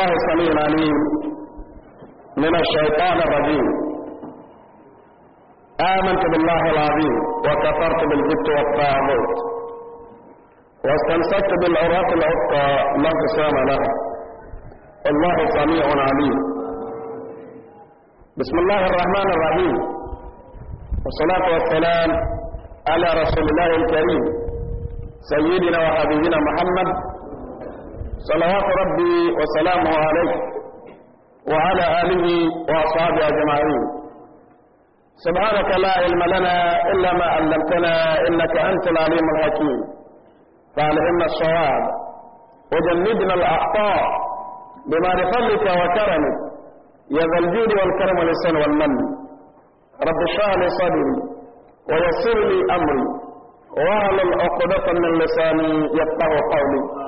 الله السميع العليم من الشيطان الرجيم آمنت بالله العظيم وكفرت بالجبت والطاغوت واستمسكت بالعراة العتقى لا انقسام لها الله سميع عليم بسم الله الرحمن الرحيم والصلاة والسلام على رسول الله الكريم سيدنا وحبيبنا محمد صلوات ربي وسلامه عليه وعلى آله وأصحابه أجمعين سبحانك لا علم لنا إلا ما علمتنا إنك أنت العليم الحكيم فألهمنا الصواب وجنبنا الأخطاء بما لفضلك وكرمك يا ذا الجود والكرم والإحسان والمن رب اشرح لي صدري ويسر لي أمري واعلم عقدة من لساني يفقه قولي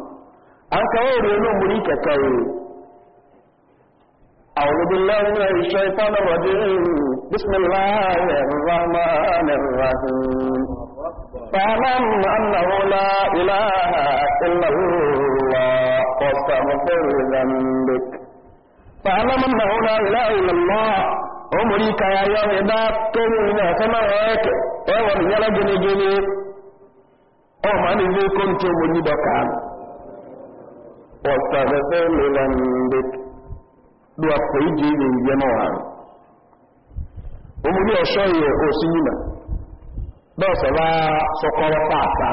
أنك أولي نمريك كي أعوذ بالله من الشيطان الرجيم بسم الله الرحمن الرحيم فاعلم أنه لا إله إلا الله واستغفر ذنبك فاعلم أنه لا إله إلا الله أمريكا يا يوم إذا كنا كما هيك أيوة يلا جني جني أو ما نزيكم تومني دكان واستغفر لذنبك لوقت يجي يجمعها omuli ọ̀ṣọ́yẹ òsìnyìmà bẹ́ẹ̀ sọ̀rọ̀ sọkọrọ pàtà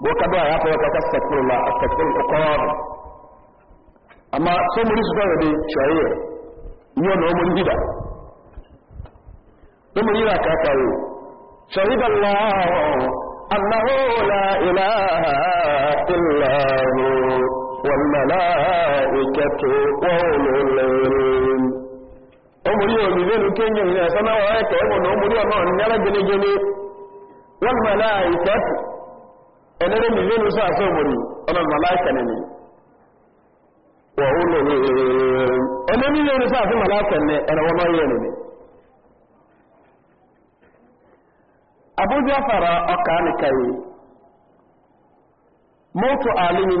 gbọ́kadọ́ àyàfẹ́wọ́kọ́kọ́ sẹ̀kúrùlá ọ̀kẹ́kúrù ọkọrọ̀ ọ̀rọ̀ àmà sọmúlì sọ̀rọ̀ di ṣọ̀yẹ ìyọ́ na omuli dídà omuli yìí àkàkàrò ṣọ̀yìdà lọ́wọ́ annáwó e olige na te e nyere ya azụ naya ka e nwe n boye ọlnyala gnwa ke elereiheone nz azụ malaka rawnawere abụghị ọfara ọka alịkarị matu alụghị m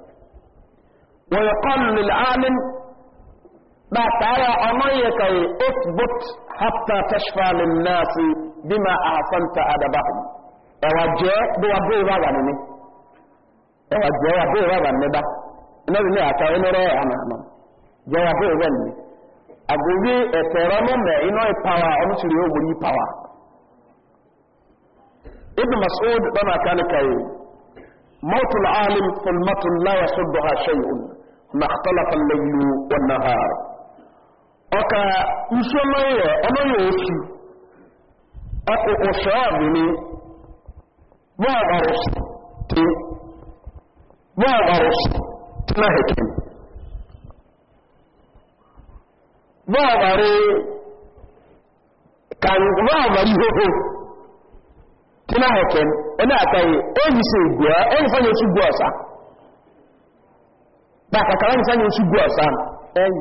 ويقال للعالم ما تعالى عميك اثبت حتى تشفى للناس بما أحسنت أدبهم أوجه بوابه وغنمي أوجه وابه وغنمي با نبي لها كأنه رأي أنا أنا جوابه وغنمي أقولي أترمو ما إنه يبوا أنا شريه ولي يبوا ابن مسعود بما كان كي موت العالم ظلمة لا يصدها شيء ما اختلف الليل والنهار ọka nsọmọ yẹ ọmọ yẹ otu ọkụkụ sọọbụ ni bọọlụ ọrụsị ti bọọlụ na hekin bọọlụ ka bọọlụ ihoho ti na hekin ọ na si otu ọsa bákàkàrà ní sáyẹn oṣù gbọ́ ọ̀sán ẹ̀yìn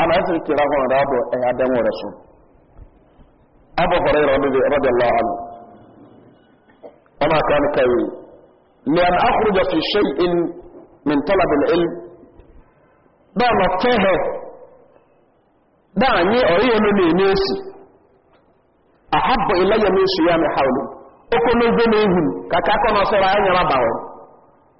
àmà ẹ̀sìn kìlá hàn rẹ̀ àbọ̀ ẹ̀yà dẹ́wọ̀n rẹ̀ sùn àbọ̀ fọ̀rọ̀ ìrọ̀ níbi rọ́dẹ̀ lọ́hàn ọmọ àkàrà ní kàwé ní àmà fi ṣe in min bìlẹ̀ il bẹ́ẹ̀ mọ̀ tẹ́hẹ̀ dáà ní ọ̀rí ẹnu ní ẹni àhábọ̀ ní oṣù ní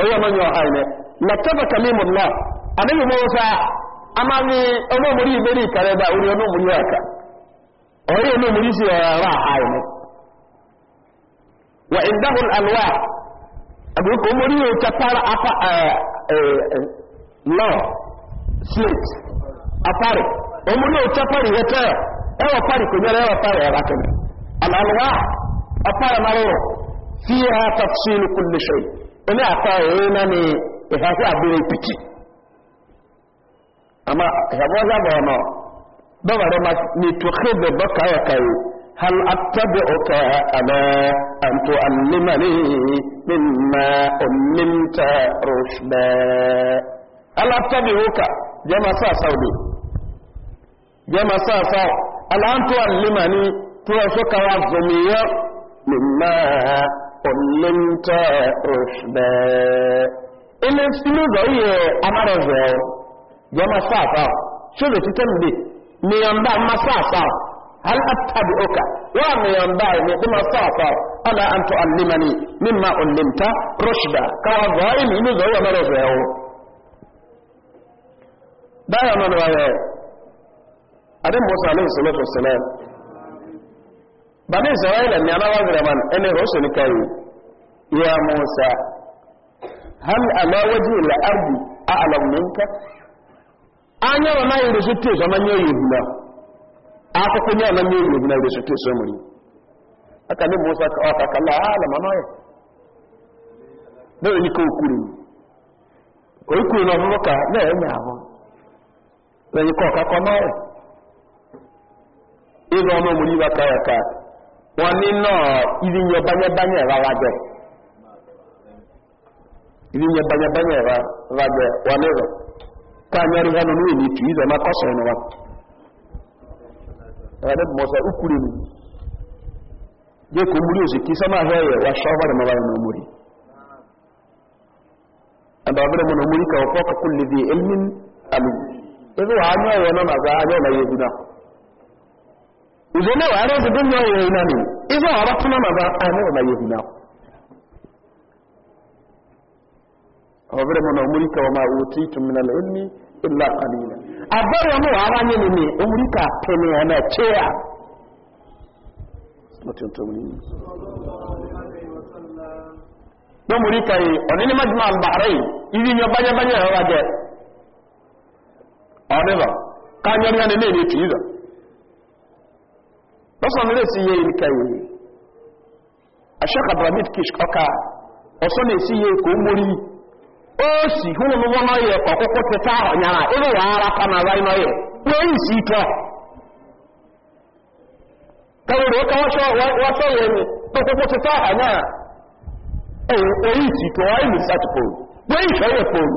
ọyọ ọmọ yọ ọha ilẹ lọtọbọ kàmímù náà àdéhùn mọ ọsà àmà ní ọlọmọdé ìbẹrẹ ìkàrẹ bá orí ọlọmọdé ọkà ọyọ ọlọmọdé sì ọrọ ara ọha ilẹ wà ìdáhùn àlùwà àbúkọ ọmọdé yóò chapara afa lọ slate apari ọmọdé yóò chapari hẹtẹ ẹwọ pari kò nyẹrẹ ẹwọ pari ẹwà kẹmẹ àlùwà apari marọ fíhà tafsir kulli shay ɔne akɔ ɛyɛ na ne ɛhɛhɛ abere piti ama ɛhɛbɔdza bɔ no dɔbare ma nituhe de bɔka yɛ kae hal atabi oka ana anto alimani mimma olimta rushda hal atabi oka jama sa saudi jama ullinta ushba ilé sínú ìgbọ̀yí ẹ̀ amárọ̀zọ̀ jẹ́ ma sáàfà ṣúlù títẹ́ nìdí mìyànbá ma sáàfà hal attabi oka wa mìyànbá ẹ̀mí tí ma sáàfà ọ̀nà àǹtọ̀ allimani mímma ullinta rushda káwà gọ̀ọ́yì ní inú ìgbọ̀yí amárọ̀zọ̀ ẹ̀ báyọ̀ mọ́nà wáyẹ̀ adé musa alayhi bani israila ni anawazira man ene rosu ni kai ya musa hal ala wajhi al ardi ala minka anya wa mai rusu te so manye yibna akoko nya na manye yibna rusu te so aka ni musa ka aka kala ala manoye ne ni ko kuri ko kuri na muka na enya ho ne ko ka konoye ka wọn nínà ìrìnyẹ bányẹbányẹ rárá jẹ ìrìnyẹ bányẹbányẹ rárá jẹ wọn nírọ kó anyẹrí hàn ní èyí tù ìzọ máa kọsọ ẹnu wa ẹni mọ̀sá ukúrè mi jẹ́ kò múrí òsì kí sọ́mà hẹ́ ẹ̀ wá ṣọ́ọ́bà rẹ̀ mọ́ra ẹnu múrí ẹ̀bà ọ̀bẹ̀rẹ̀ mọ́nà múrí kà ọ̀fọ́ kakú lè dé ẹ̀mí alù ẹ̀fọ́ wà á ní ọ̀rọ̀ náà ìdílé wà rẹ̀ na dúnmọ̀ ìrìn iná ni ìfẹ́ ọ̀rọ̀ tún náà bá àmì ọ̀nà yóò náà ọ̀bẹ̀rẹ̀ mọ̀nà omúríkà ọmọ àwọn tí tún mi nàlẹ̀ ní ìlà kàníyàn àbẹ̀rẹ̀ ọmọ wáyé ni ni pẹ̀lú yìí ọ̀nà ní yìí ìrìn yọ ọsọ nílé sí iye ìrìkà ìwé aṣọ́kàdàmid kish ọkà ọsọ náà sí iye kò mórí ó sì hún ní wọn náà yẹ ọkọkọ tẹta ọ̀nyàrá ó lè wà ara pa náà ráì náà yẹ wọ́n yìí sí ìtọ́ kẹwìrì ó kẹwọ́ sọ wọ́n sọ yẹ ni ọkọkọ tẹta ọ̀nyàrá ó yìí sí ìtọ́ wọ́n yìí sí àtìpọ̀ wọ́n sọ yẹ pọ̀lù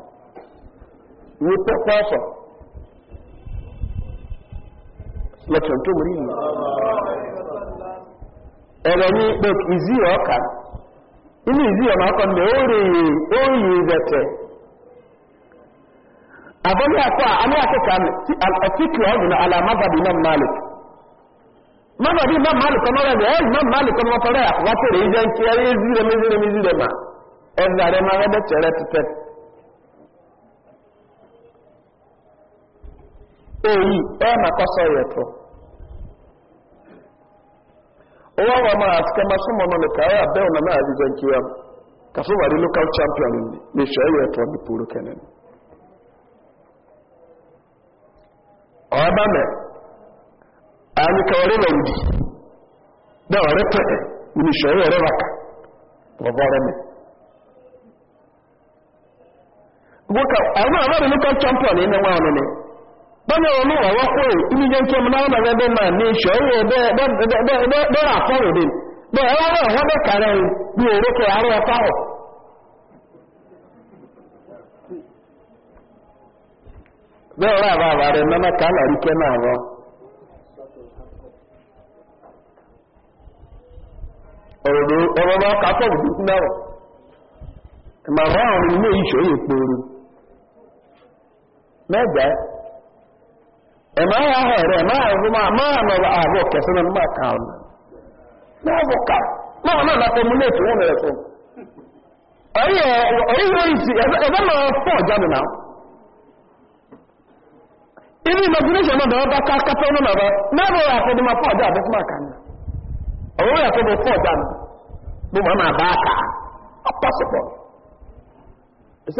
wo kɔkɔ fɔ lɔtɔn tó wuli yi ɛrɛ ni look izi yɛ ɔka inú izi yɛ ɔma kɔ mɛ ɔre yi ɔre yi zɛtɛ abɔni akɔ a ani ake ka ti ati kiri ɔdu na ala mababi na malik mababi na malik ɔno rɛ ɛyɛ na malik ɔno wɔtɔ rɛ akɔkɔ tere yi zɛ nkyɛn ɛyɛ zi rɛ mi zi rɛ mi zi rɛ ma ɛzɛ rɛ ma rɛ tɛrɛ tɛtɛ. eyi ɛna kɔsɔ yɛ to owó àwọn ọmọ àtìkà máa súnmọ́ ọmọ nìkan ayé abẹ́ ọ̀nà náà àdìjọ ń kíyà kàfó wà ní local champion ní ìṣọ́ ẹ̀yẹ ẹ̀tọ́ ní pòrò kẹ́nẹ́ ni ọ̀ọ́bá mẹ́ àyíká ọ̀rẹ́ lọ rùdì náà ọ̀rẹ́ pẹ̀ ní ìṣọ́ ẹ̀yẹ ọ̀rẹ́ wákà bọ̀bọ̀ ọ̀rẹ́ mi gbọ́kà àwọn àwọn local champion ní ẹ̀wọ̀n ọ̀nà ni sọ́nà ọmọ ọ̀wọ́ pé inú jẹ́ kí ọmọ náà wọ́n bẹ̀rẹ̀ bẹ́ẹ̀ máa ní ìṣọ́ ìwé ɛmɛ ayɛ ahɛrɛ ɛmɛ ayɛ ahoma ɛmɛ ayɛ ama ahoma kɛse na mma ka ɔno na ɔbɔ ka na na kɔ mu na etu ɔno ɛfɔ ɔyɛ ɔyɛ yori si ɛbɛ ma ɔfɔ ɔgya mi na ibi imagination na ɔba ka kata ɔno na ba na ɔbɔ yɛ akɔdum afɔ ɔgya abɛ kuma ka na ɔwɔ yɛ akɔdum afɔ ɔgya no bo ma ma ba aka impossible it's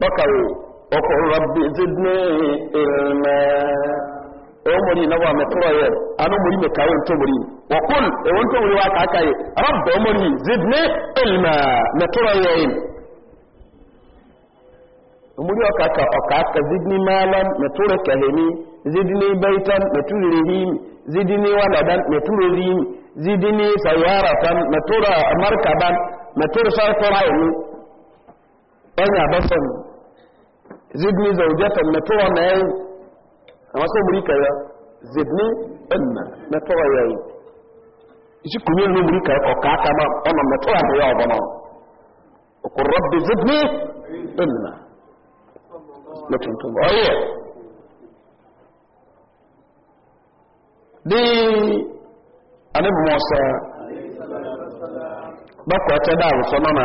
bakawo ọkọ̀ rabbi zidni ilma ẹwọ́n mọ̀rí náwà mẹ́tọ́rọ̀ yẹ anú mọ̀rí mẹ́kàwé ntọ́mọ̀rí wọ́kùn ẹwọ́n ntọ́mọ̀rí wá kàákà yẹ rabbi ọmọrí zidni ilma mẹ́tọ́rọ̀ yẹ yìí omuri ọkaka ọkaka zidni malam mẹ́tọ́rọ̀ kẹhẹ́ni zidni baitan mẹ́tọ́rọ̀ rehim zidni waladan mẹ́tọ́rọ̀ rehim zidni sayaratan mẹ́tọ́rọ̀ markaban mẹ́tọ́rọ̀ sarkọ́rọ̀ ọ̀rìn àbọ́sọ̀nù zidni zaujatan mẹ́tọ́wọ́ mẹ́rin àwọn sọ múrí kẹrẹ zidni ẹ̀nà mẹ́tọ́wọ́ yẹ yìí isi kùnú ìlú múrí kẹrẹ ọ̀ká aka máa ọ̀nà mẹ́tọ́wọ́ àbẹ̀yà ọ̀bọ̀n náà òkùn zidni ẹ̀nà mẹ́tọ́wọ́ ọ̀yẹ́ di anabi musa bakwata da abu sọ nọ na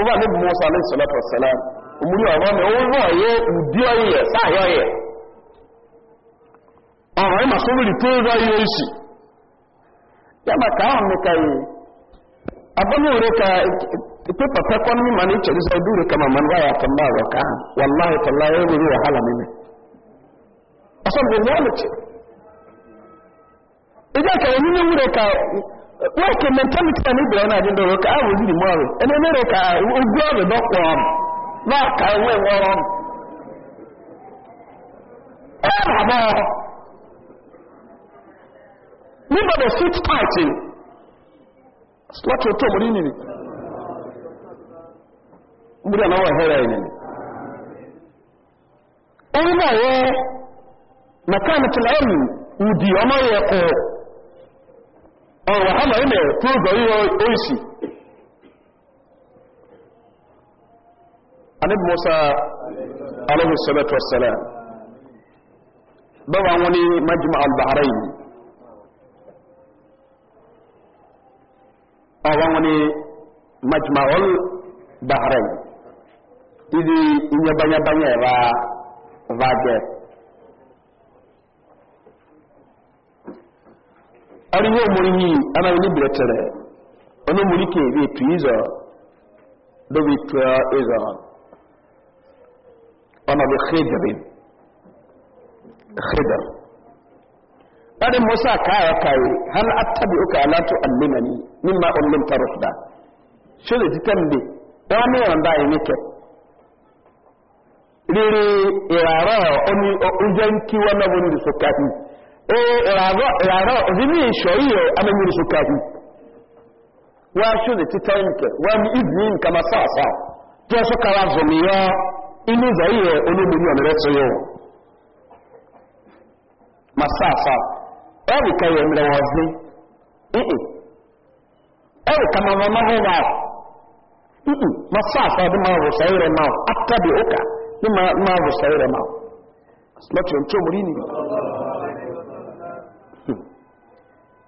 ọba ní musa ní sọlọpọ sọlá òmùrí ọmọ mi òun náà yẹ ìdí ọyẹ sáyọ yẹ ọ̀rọ̀ ìmọ̀ sóbìrì tó ń ráyé oṣù yàmà káwọn mi ka yìí abọ́nú rẹ̀ ka pé pàpẹ́ kọ́ ní mà ní ìtẹ̀lé sọ dúró kama mà ní wáyà kan bá rọ̀ ká wàláhì tọ́lá yẹ wọ́n yóò wàhálà mímẹ́ ọ̀sán bí wọ́n lè ti ìjọ kẹrẹ nínú wúrẹ̀ ka wọ́ọ̀kì mentality ẹni bẹ̀rẹ̀ náà ní dọ̀rọ̀ ká àwọn òbí mọ́ rẹ̀ ẹni mẹ́rẹ̀ ká ojú ọ̀rẹ̀ dọ́pọ̀ ọ̀m náà ká ewé wọ́ọ̀rọ̀ ọ̀m. ẹ nígbà tó fit tight lọ́tọ̀ tó mú nínú ni múlẹ̀ náà wọ̀ ẹ̀hẹ́rẹ́ ẹ̀yìn ẹni náà yẹ mẹkáníkì lẹ́yìn ìdí ọmọ yẹ kọ̀ọ̀. ọ̀rọ̀ ha na ilẹ̀ tó ihe oisi anib musa alaihi salatu wassalam báwa wani majima al-bahrain ọwa wani majima al-bahrain idi inyabanya-banya vajet ariwo muri ana ni bretere ono muri ke bi twiza do bi twiza ana bi khidr khidr bari musa kaya kai hal attabi'uka ala tu'allimani mimma ullimta rushda shele dikambe dawani wanda yake rere iraro oni ujanki wannan wani su kafi Ee òdíní ìṣọ́ yíò amẹ́mìrì ṣùkàhù wọ́n ṣú lè títẹ́ ǹkẹ̀ wọ́n ní ìdí ǹkà máa sáàsá tí ó ṣọ́kàrà zọmíyọ́ inú ìzọ̀ yíò olóbìnrin ọ̀mẹ́rẹ́ tó yọ máa sáàsá ẹ̀rì kẹyẹ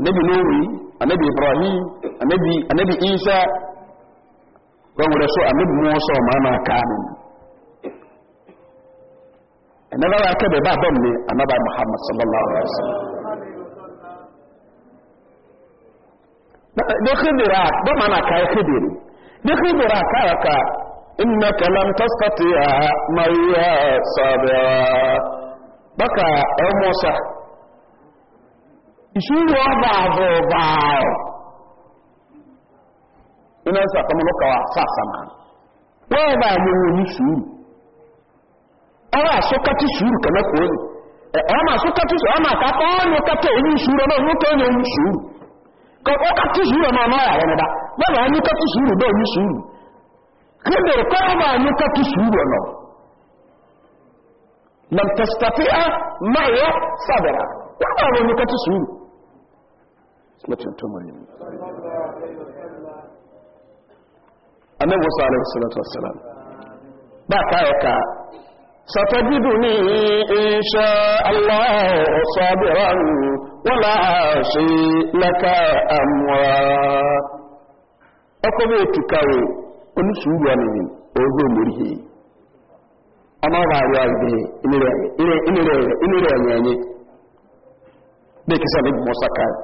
annabi nuhu annabi ibrahim annabi annabi isa wọn wọlé so annabi musa ọmọ ama kaanu ẹnẹba wa kẹbẹ bá bọ mi anaba muhammad sallallahu alaihi wa sallam dókè dèrè a bọ́mà náà ká ẹkẹ dèrè ka dèrè a káyà ká innaka lam tastati'a mariya sabira baka ẹ musa. ìṣúrù ọba àbọ̀ ọba ọ̀ iná ẹ̀sẹ̀ àtọmọlọ́kà wa sàṣàmà wọ́n bá yẹ wọn ní sùúrù ọ̀rọ̀ àsọkàtì sùúrù kẹ̀mẹ́kọ̀ọ́ ni ọ̀rọ̀ mà àsọkàtì sùúrù ọ̀rọ̀ mà àkàtọ̀ ọ̀nà kẹtẹ ẹ̀yìn sùúrù náà ẹ̀yìn bá ní lọ́tọ̀tọ̀mọ̀yìn anẹ́wọ̀sọ̀ alẹ́sọ̀lọ́tọ̀sọ̀lọ́ ni káyọ̀ ká sàtọ̀júdù ní iṣẹ́ aláàṣọ́bìrán wọ́n láàṣí lẹ́ka àmúra ọkọ̀ bí ètùkàwé oníṣùúrù ànìyàn ogó mòrí ọmọọba àríwá ìgbé inú rẹ̀ ẹ̀yẹ̀ ẹ̀yẹ̀ bẹ́ẹ̀ kí sàlẹ̀ gbọ́sàkáyì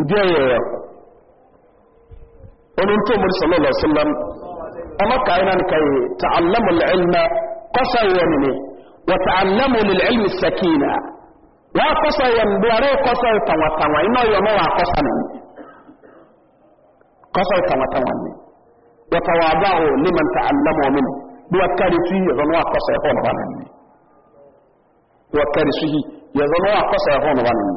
ǹjẹ́ yẹ̀yẹ̀ onun tó mọ̀rí sallallahu alaihi wasallam ọmọ kàáyínà ní kàáyé ta'allamu al'ilma kọsa yẹn ni wa ta'allamu lil'ilmi sakina wa kọsa yẹn duwara kọsa yẹn tanwatanwa iná yọ mọ wa kọsa nà ní kọsa yẹn tanwatanwa ní wa tawadahu liman ta'allamu min duwa kari fi yẹ zọnwa kọsa yẹn hɔn ba nà ní duwa kari fi yẹ zọnwa kọsa yẹn hɔn ba nà ní.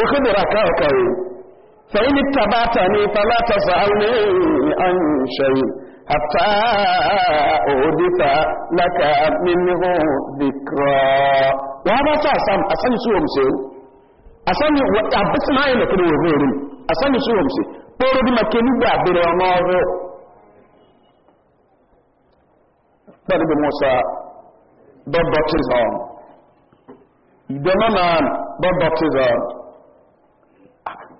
بخبر كوكو فإن اتبعتني فلا تسألني عن شيء حتى أودف لك منه ذكرى وهذا أساسا أساني سوى مسيو أساني أبس معي لكن يغيري أساني سوى مسيو بورو دي مكيني بابر ونوغو بابر موسى بابر تزام دمنا بابر تزام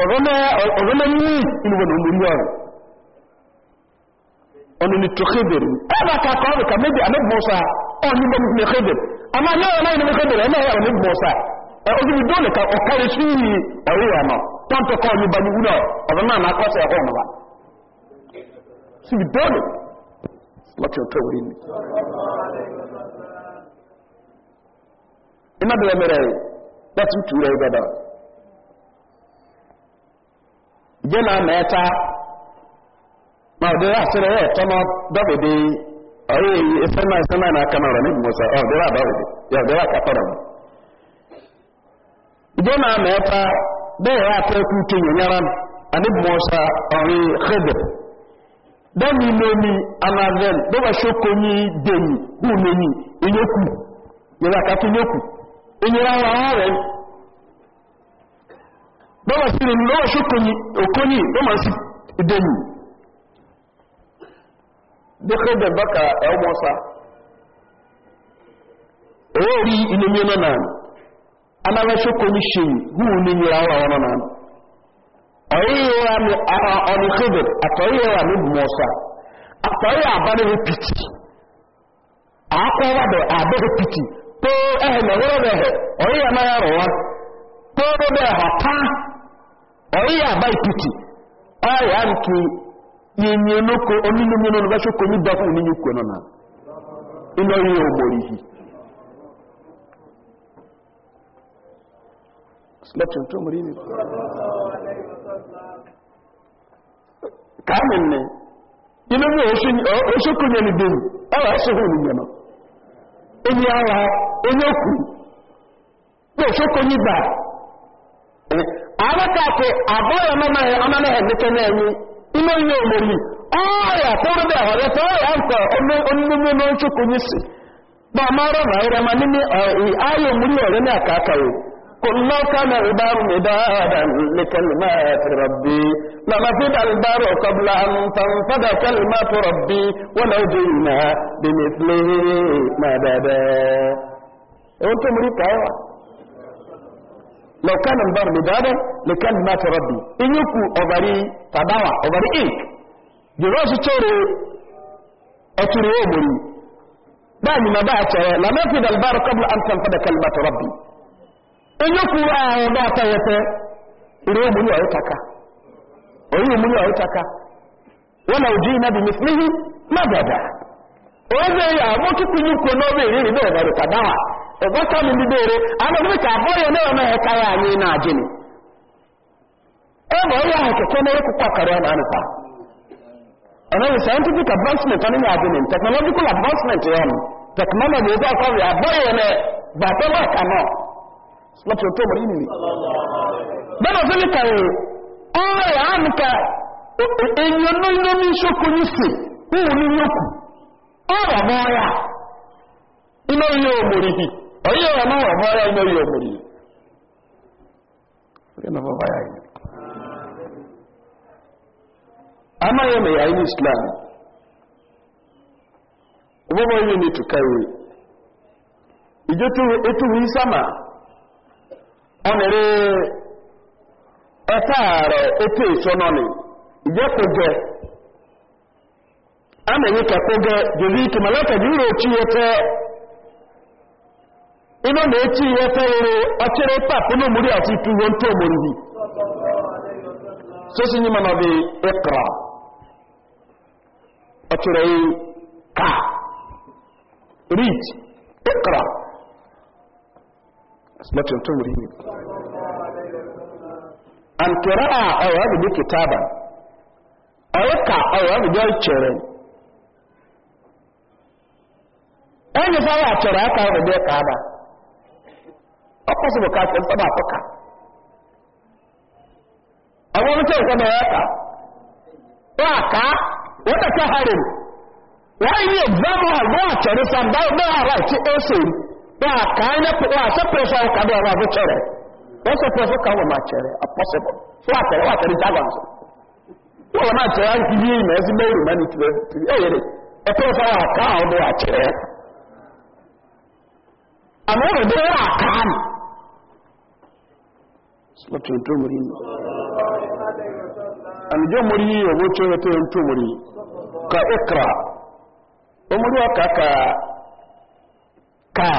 ọ̀rọ̀lẹ́ ní ìlúwọ̀n olórí ọ̀rọ̀ ọ̀nà tó kédèrè ẹ̀bà kàkọ́ ọ̀rọ̀ kà méjì anẹ́gbọ̀ọ́sá ọ̀nà ìbọn kédèrè a máa ní ọ̀rọ̀ náà kédèrè ẹ̀mẹ́ ka ọ̀kẹ́rẹ́ sí ọ̀rẹ́ ọ̀nà wọ́n tọ́kọ́ jẹ́nà mẹ́ta ma ọ̀dẹ́rẹ́ àṣírí ẹ̀ tọ́mọ dọ́bìdì ọ̀rẹ́ èyí ẹsẹ́mà ẹsẹ́mà náà kama ọ̀rọ̀ níbi mọ̀sá ọ̀dẹ́rẹ́ àdọ́bìdì ọ̀dẹ́rẹ́ àkàtọ̀rọ̀ mọ̀ jẹ́nà mẹ́ta bẹ́ẹ̀ yà tẹ́ kú kí yẹnyẹra àníbi mọ̀sá ọ̀rẹ́ xẹ́dẹ̀ dẹ́mi lómi anavẹ́n bẹ́ẹ̀ bá ṣókò ní dèyí bùn lómi ìyókù yẹ̀rọ àkàtúnyókù ìyẹ̀rọ àwọn ààrẹ lọ́wọ́ sí rẹ̀ lọ́wọ́ ṣókòyí òkóyí lọ́wọ́ sí ìdẹ̀yìn dókèdè bákà ẹ̀wọ́sá owó rí náà ṣókòyí ṣe hùwù ní yíra ọ̀rọ̀ ọ̀rọ̀ náà ọ̀yíyíra ní ara ọ̀nà kéde àtọ̀yíyíra ní bùmọ̀ọ́sá àtọ̀yí àbánirú pìtì àákọ́wàdọ̀ àbẹ́rẹ́ pìtì pé ẹ̀hẹ̀ lọ́wọ́rọ̀ rẹ̀ ọ̀yíyà náà rọ̀ wá pé ọ̀ríyà aba ìpìtì ọ̀rẹ́ àríkì ní nke olóko onílùmí olóòrùn na ṣókò ní dọ́kùn ní yíkò na iná rí ògbòrì yìí slọ́tún tó mọ̀rí ní káàmì ní abakako abaya mamahe amamahe na ino ihe omori ọrịa kwụrụ dị ọrịa ka ọrịa nka omume n'ochukwu nyisi ba mara na ire ma nini ayo omori na aka akawo kullu kana ibaru ibadan li kalimati rabbi la nafida albaru qabla an tanfada kalimatu bi لو كان البر مدادا لكلمات ربي إن يكو أبري تباوى أبري إيك جراس توري أتوري أمري دعني ما بعت لما في البار قبل أن تنفذ كلمات ربي إن يكو أبا تيتا إليه أمري أعيتك إليه أمري أعيتك ولو جينا بمثله مددا وإذا يا أبوك كن يكو نوبي إليه أمري تباوى ọgbọta mi ndị dere ka abụghị onye ọma ya anyị na-ajị ebe onye ahụ keke na ekwukwa karịa na anụta ọnaghị scientific advancement ọnụ na-ajị technological advancement ya ọnụ technology ebe akọrọ ya abụghị onye ya àmì ka ènìyàn náà ń onye ọma ọbara imeri omeri amaghị eme ya ihe islam ụgbọgbọ ihe na-etukarị ije etuhu isama ọ nere ọtaara otu eso nọnị ije kụge a na-enye ka kụge jezi ike malaka ji uru ochi ya tee iná lè tí iye fẹ́rẹ̀ ọkẹrẹ pàpù ní múrí àti ìtúwò tó mórí bí tó sì ní mọ̀nà bí ẹkọ̀rọ̀ ọkẹrẹ ká read ẹkọ̀rọ̀ asimatin tó mórí bí an kẹrẹ a ọ̀rọ̀ agbègbè kìtàbà ka ọ̀rọ̀ agbègbè ìkẹrẹ ẹni fáwọn àtọ̀rọ̀ aka ọ̀rọ̀ ọkọ sọ ká ṣe nsọdọ àtọkà àwọn ọmọ tí wọn sọdọ ẹka wọn àká wọn tẹsẹ harim wọn yí ẹgbẹmọ àwọn àtẹrẹ sàn báwo bẹẹ ara ti ẹsẹ wọn àká ẹnẹ wọn kan so wọn wọn àkyẹrẹ àti yíyí nà ẹsẹ bẹẹ rìmẹ ní tìrẹ tìrẹ ẹyẹ dẹ ẹpẹrẹsọ àwọn na tuntun muri an je muri ya wuce ya tuntun muri ka ikra ko muri aka ka ka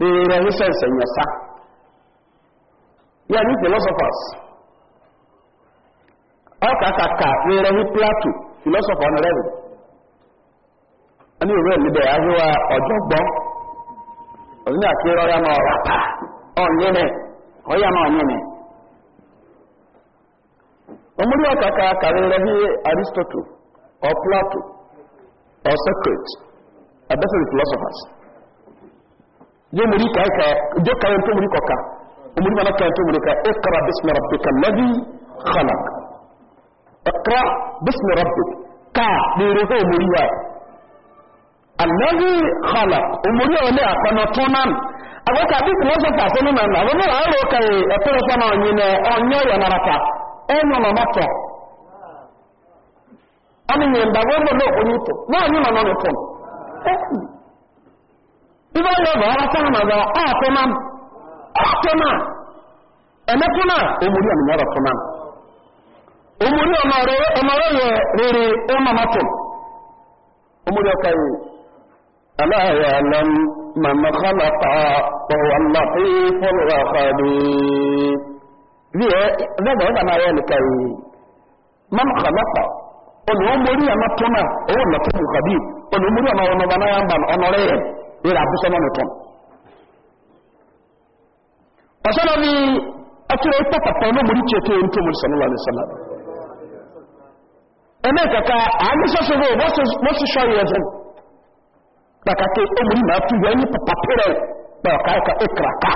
de rayusan sanya sa ya ni philosophers aka ka ka de rayu plato philosopher na rayu ani o rẹ níbẹ ahiwa ọjọgbọn ọdún ní àkérò ọyá máa rà pa ọ nínú ọyá máa nínú. ọmọdé ọ̀kàkà kàrẹ́rẹ́ bí aristotle or plato or socrates adásẹ̀rẹ̀ philosophers yóò mú rí kàíkà yóò kàrẹ́ tó mú rí kọ̀ka ọmọdé wọn kàrẹ́ tó mú rí ká ẹ̀kọ́ra bísí rabbika lẹ́bí khalak ẹ̀kọ́ra bísí rabbik ká lèrè fún ọmọdé wa alẹ́bí khalak ọmọdé wọn lé àpẹnà tó náà àwọn kàbí philosophers nínú àwọn àwọn náà àárò kàyè ẹ̀kọ́ra ọ̀nyọ́ yẹn ẹnu mama tọ ọmọ yẹn ba wọn bọ náà onye náà ní ẹkù sáà ọ tọ nam ọ tọ nam ẹmẹkọ náà omori àmì náà tọ nam omori ọmọ rẹ ọmọ rẹ yẹ rere ẹ ọkọ yìí bẹ́ẹ̀ bá máa yẹ nìkan yìí máa mọ̀kà lọ́pà ọ̀nà omori àmà tọ́mà owó lọ́pọ̀ bùkàbí ọ̀nà omori àmà ọ̀nà ọ̀nà náà bà ọ̀nà rẹ̀ rẹ̀ àbúṣọ́ náà nìkan. ọ̀sán náà ni ọtúrọ̀ ipò pàpà ọ̀nà omori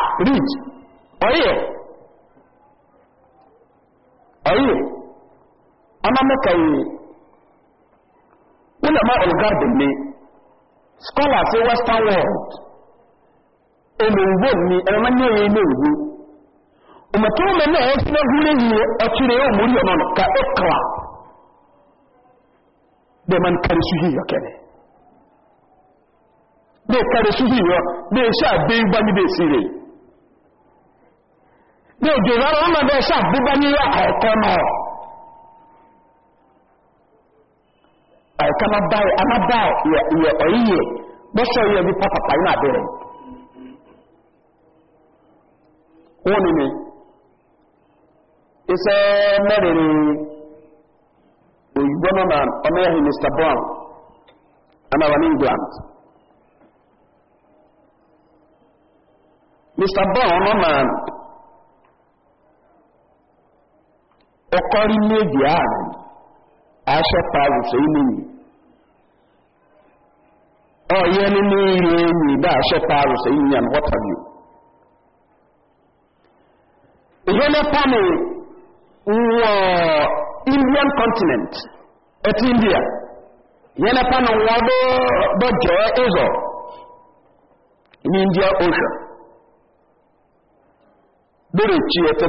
tiẹ̀ ayi ama meka yi ulama olgarde ni scholars in western world olùgbò ni ẹ̀rọ ní ẹ̀yẹ ilé ìwé òmùtúrùmọ̀ na ẹ̀ fún ọdúnlé yìí ọtúrẹ̀ yóò múrí ka ó ka bẹ́ẹ̀ máa ń kárí sí yìí ọ̀kẹ́rẹ́ bẹ́ẹ̀ kárí sí yìí ọ bẹ́ẹ̀ bí òjò ìrọ̀rọ̀ ọmọ bẹ́ẹ̀ ṣàbúgbá ní àìkọ́ náà àìká má báyìí a má báyìí ìyẹ̀ ọ̀yíyẹ̀ bọ́ṣọ́ ìyẹ̀ bí pápápá iná àbẹ̀rẹ̀ wọ́n ni ni iṣẹ́ mẹ́rin òyìnbó náà ọmọ ẹ̀hìn mr brown anáwà ní england mr brown ọmọ man. ọkọrí méjì ààrùn aṣọ́pa àwùsọ ilé yìí ọ̀yẹ́ nínú ìrìn èyí bá aṣọ́pa àwùsọ ilé yàn wọ́tàbí ìyọ́nẹ́pá ni wọ indian continent eti india ìyọ́nẹ́pá ni wọ́n bọ́jọ́ ẹ̀zọ̀ ní N'India ocean lórí chi ẹ̀tẹ́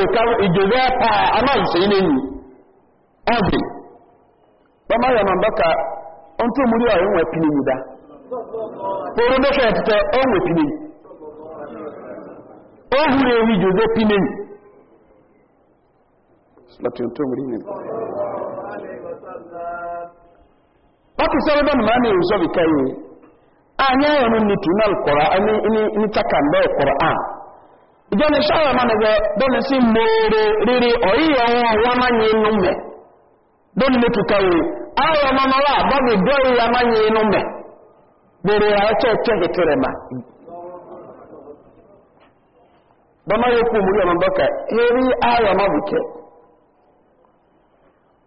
ọdọ ìka ìjòwé pa amáyìsẹ yìí nìyí ọdẹ bàmá yà máa bàkà ọ̀ntò múlí ọ̀rẹ́ wọn pìlì yìí dá fòrò mẹ́fẹ́ ẹ̀tẹ̀tẹ̀ ọ̀wọ̀ pìlì ó hùrẹ̀ èyí ìjòwé pìlì yìí láti ọ̀ntò múlí nìyí. wọ́n ti sọ́rọ́ bá màmá mi ò sọ́bì káyé ányá ẹ̀rọ nìtúnà kọ̀ọ̀rọ̀ ní takàndọ̀ kọ̀ọ̀rọ̀ ìjọni ṣọ́rọ̀ mọ́nàgbẹ́ bọ́nà sí mọ́rọ̀ rírí ọ̀yí ọ̀wọ́n wọn máa yìí inú mẹ́ bọ́nà lè tùkà wù ayọ̀ mọ́nà wà bọ́bí dọ́rì ya máa yìí inú mẹ́ bèrè àyọ́tọ̀ ẹ̀tọ́ ìtẹ̀rẹ̀ mà bọ́nà yóò kú múlò ọmọ bọ́kà eré ayọ̀ mọ́ bùkẹ́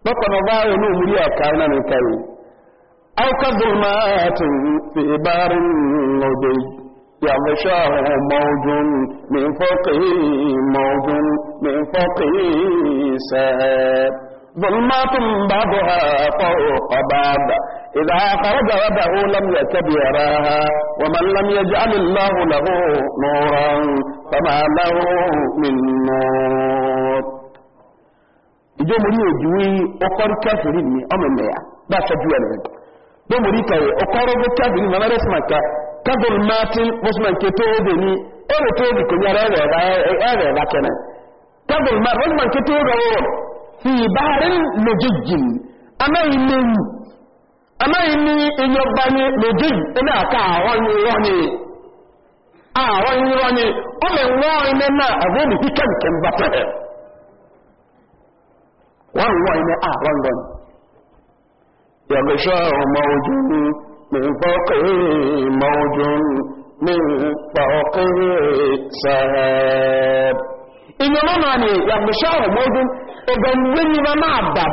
bọ́kà náà bá yóò ní òmúlò ọ̀kà iná nìkan yìí يغشاه موج من فوقه موج من فوقه سهاب ظلمات بعضها فوق بعض إذا خرج لم يكد يراها ومن لم يجعل الله له نورا فما له من نور ijo mori kafiri ni mori kafiri kagoro martin bosman ke to obe ni o le to obi ko nyara ebe eba ebe eba kene kagoro martin bosman ke to obe o fi lojijin amaghị mmeri amaghị mmiri enyo gbanye aka o le nwa ime na ike nke wọn ime ọmọ من فوقه موج من فوقه سهاب ìyẹn náà máa ní yàgbéṣẹ́ ọ̀rọ̀ mọ́dún na ni wọ́n máa dà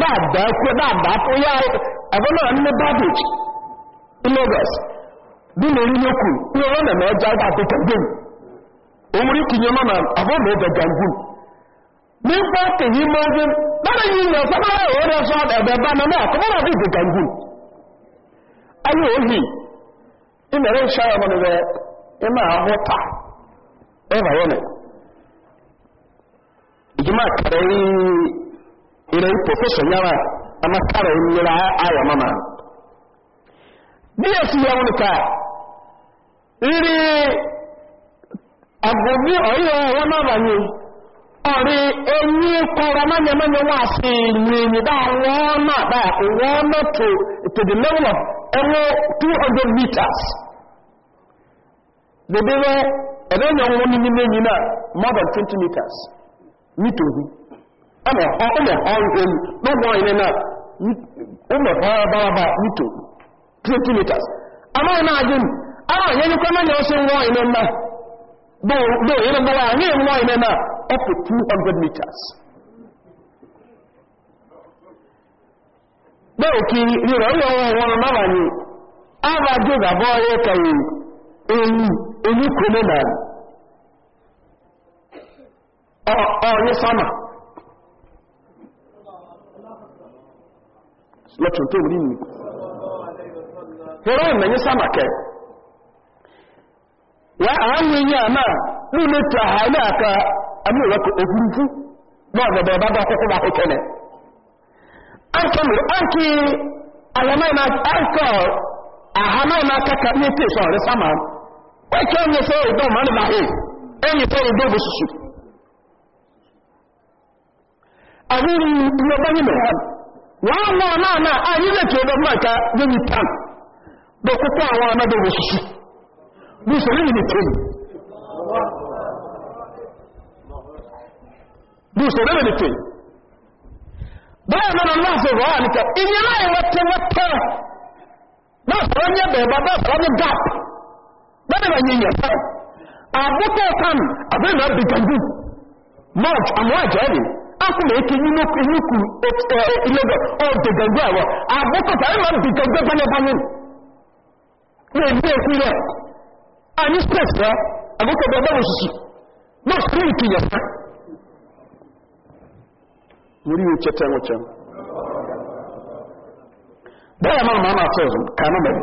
bá dà kú bá dà tó yá àbọ́nà ní babbage in lagos bí mo rí lókù ní ọwọ́ nà mọ́ ọjà àgbà àtẹ́kẹ́ gbé mi òun rí kìí ọmọ ayé òhì ìmẹ̀rẹ̀ ìṣẹ́ ọmọ rẹ̀ ẹmà àhọ́ta ẹmà yẹnẹ̀ ìjìmá kẹrẹ ìrẹ̀ pòfẹ́sọ̀ yára ama kẹrẹ ìmìnira ayọ̀ mama bí ẹ̀sì yẹ wọn ká rírí àgbòmí ọ̀yọ́ wọn máa bàyẹ ọ̀rí ẹni kọra mọ́nyẹmọ́nyẹ wọ́n àti ìrìnrìn dáa wọ́n náà báyà ọma náà to the level of ɛwɔ two hundred meters bebe bɛ ɛbɛ nyɛ ni ne more than twenty meters mita ohu ɛna ɛhɔ ɛna ɛhɔ nhwɛm n'ɔgbɔn yi nina ɔmɛ baabaaba twenty meters ama yi naa ama yɛn nyɛ kɔnɔ nyɛ ɔsɛ ŋun yi nina do two meters. bẹ́ẹ̀ òkè rírọ̀ ní ọwọ́ wọn máa ní àwájú ìgbàbọ́ ọ̀rẹ́ kẹrì èyí èyí kò mọ́ náà ọ̀rẹ́ sọ́nà lọ́tún rí mi rírọ̀ ìmẹ̀yìn sọ́nà kẹ wà àwọn èyí àmà nílé tàhálà àkà àmì ìrọ̀kọ̀ òfurufú náà ankele ma ahamai ma kaka ni te so re sama ke ni so ma ni so ba ni me ha wa na na na ayi le ke do ma ka ni ni tan do ko ko awon do bu so ni ni te bu so ni ni te báyìí nínú náà sì rọ́ àníkẹ́ ìyẹn náà ìwọ́ tí wọ́n tẹ́ náà sọ̀rọ̀ ní ẹ̀bẹ̀ ìbá bẹ́ẹ̀ sọ̀rọ̀ ní gap bẹ́ẹ̀ bẹ́ẹ̀ yìnyẹn fẹ́ àbúkọ́ kan àbẹ́ẹ̀ náà bìgàndù march àmọ́ àjọ ẹ̀rì akùnrin èké nínú ìlúkù ìlẹ́gbẹ̀ ọ̀ bìgàndù àwọ̀ àbúkọ́ sọ̀rọ̀ náà bìgàndù gbẹ́lẹ́gbẹ́lẹ́ ní ìlú èkú rẹ̀ àní space rẹ̀ àbúkọ́ bẹ́ẹ̀ bẹ́ẹ̀ wuri yi ce tan wucin da ya mara mama sai su kanu mai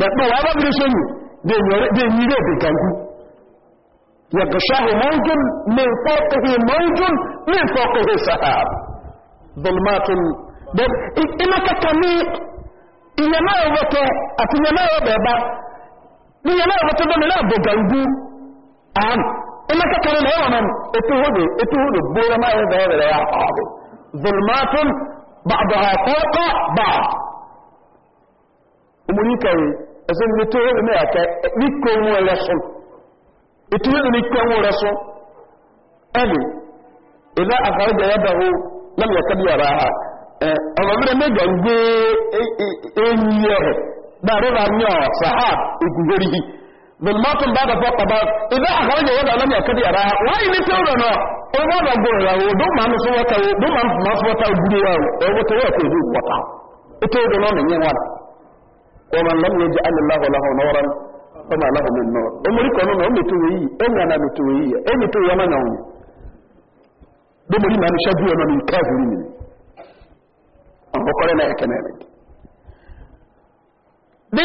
da ɗuwa ba bi so yi da yi da bi gangu ya ga shahu mawjun min fawqihi mawjun min fawqihi sahab dalmatun dan ina ka kami ina na wato atinya na ba ba ina na wato da na ina ka kare na yawan ita hudu ita hudu bora ma yin zaya da ya faru zulmatun ba'da ha fawqa ba umuri kai asin ni to hudu ne aka ni ko mu rasul ita hudu ni ko mu rasul ali idza akhraja yadahu lam yakad yaraha ọ̀rọ̀ mìíràn mẹ́gbà ń gbé ẹ̀yìn ẹ̀rẹ̀ dáadọ́ra ní ọ̀ sahab ògùn lórí yìí gbe mat mb aba a aa a oh, a oh, nye a na al nye akedi yara nwanyị n ete ụrọ na ene anagoa wo ma aụsọ ao boa nụ na sụ wata gi d a wetaw kdi gbụ go n na enye wa nụa oere ka ọnụna a iye enyeto na na nwụ dober m anụsọ ya n na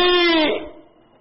nke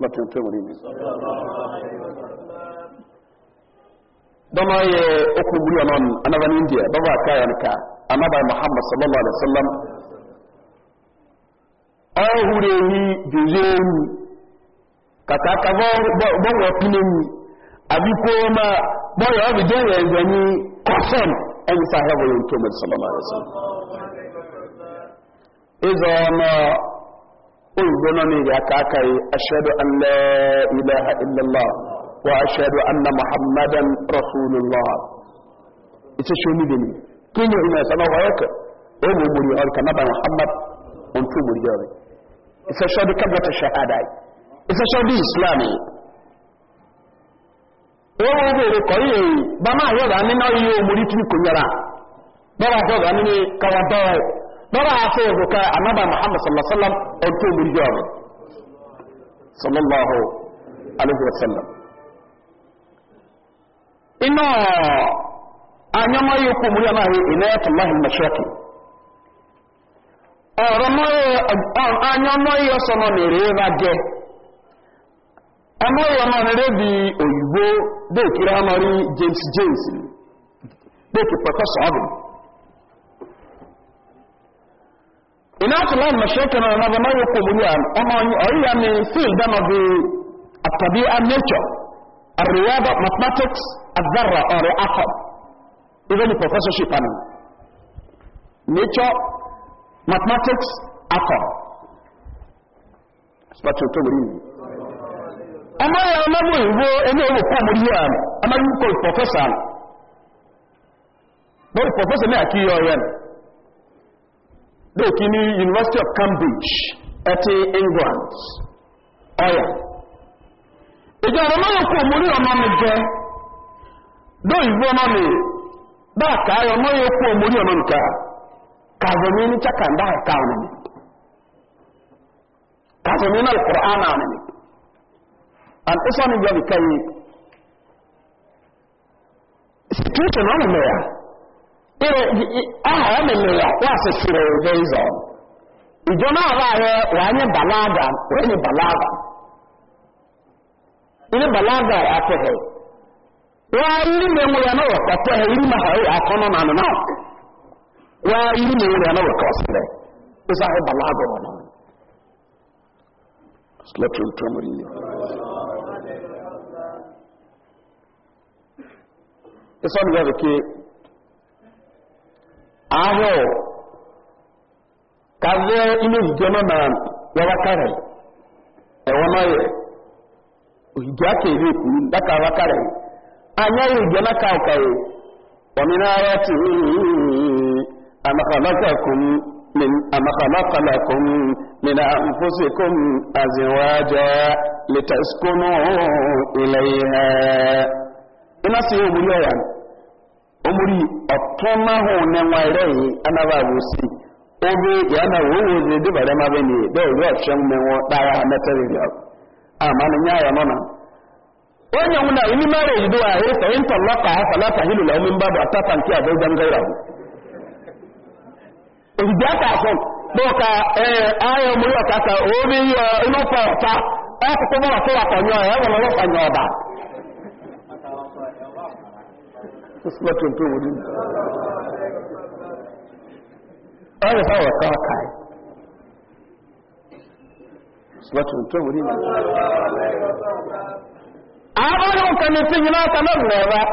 Smatram premorimi. Dama je oko bulio non, anavan Indija, baba kajanka, anaba je Muhammad sallallahu alaihi sallam. Ahurehi juzeni, kaka kavo bongo pinemi, abikoma, boyo abijenye zani kosem, eni sahevo yontomel sallallahu alaihi sallam. Iza ono, olùgbónáni ìyàkáàkà yìí aṣẹ́dọ̀ alẹ́ ilẹ̀ ilẹ̀lá wa aṣẹ́dọ̀ anna muhammadan rasulullah ita ṣe omi gini kí ni ìrìnà ìsànà wáyọ́kẹ̀ ó mú múrí ọ̀rùkà náà muhammad on tó múrí ọ̀rẹ́ ita ṣọ́dọ̀ kagbata shahada ita ṣọ́dọ̀ islam ó wọ́n bèèrè kọ́ yìí bá máa yọ̀dá nínú yóò múrí tún kò yọra bọ́wọ́ bọ́wọ́ nínú kawabọ́wọ́ baba afe ko ka na muhammad sallallahu alaihi wasallam on to muri sallallahu alaihi wasallam ina anyama yoku muri ana he inayatullah almashaqi ọ̀rọ̀mọ́ anyọ́mọ́ yọ sọmọ nìrè bá jẹ́ ọmọ yọmọ nìrè bí òyìnbó dé ìkiri james james ina kula mashaka na na bana yo ko buriya amma ni ayya ne fil da mabi at-tabi'a nature ar-riyada mathematics ad or atom even the professorship an nature mathematics atom spatu to buri amma ya na mu wo ene wo ko buriya amma ni ko professor bo professor ne akiyo yan pèkì ní university of cambridge ẹ̀tí england ọ̀yà ìjọ ọ̀rọ̀ náà kò mórí ọmọ mi jẹ́ lóyìnbó ọmọ mi báà káyọ̀ ọmọ yóò kó mórí ọmọ mi ká kàzọ̀mí ní chakanda ẹ̀ka ọ̀nà mi kàzọ̀mí náà kọ̀rọ̀ ánà ọ̀nà mi and ìsọ̀nìyàn nìkan yìí situation ọ̀nà mẹ́yà aha ọ mere ya wasịsịrị ụdị ụzọ ijo na-aba ahụ anyị balaga nye balaga ile balaga atụghị wa ndị na-enwe ya ha ha ya akọ nọ na nọ wa ndị na ya na wekọsịrị ụzọ ahụ balaga ọ nọ Slatul ahụ kazie ime ojiji ọma ma yawakarị ewamaghị ojiji aka eri ekwuru daka awakarị anya ya ojiji ọma ka ọkarị ọmịnara tiri amakalakakum من أما خلقناكم من أنفسكم أزواجا لتسكنوا إليها إنا omuri ọtụma hụ na nwa ireghị anaghị agwụsị oge ya na owo ozi dịbara ma bene dọrọ ọchịchị mmenwụ dara ha metarịrị ọgụ amanụ nya ya nọ na onye nwụ na ili mara ejido ha ịta e ịnta lọka ha falata hilu na atapa nke abụ ịgba ngara ahụ ojiji aka ahụ dọka ee ahịa omuri ọkaka obi ihe ịnụpa ọta ya ọba It's not controlled within. That is how a car car. It's not controlled within. Àwọn ọ̀kanìtì yìí kanáà rẹ̀ra,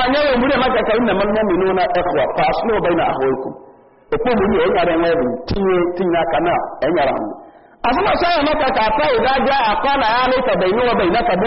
àyẹ̀wò ìmúlẹ̀ máa kẹta ìnà mọ́nà mìíràn náà ẹ̀kọ́ àpá sínú ọba ìnà àwọn ikú. Òpó mi ní ẹ̀yà rẹ̀ wọ́n tíye tíye kanáà ẹ̀yà rà mú. Àfúnà sọ́yà máa kẹta àpá ìdájá àkọ́là yá ní tàbí ìwọ̀bẹ̀ ìdákàbó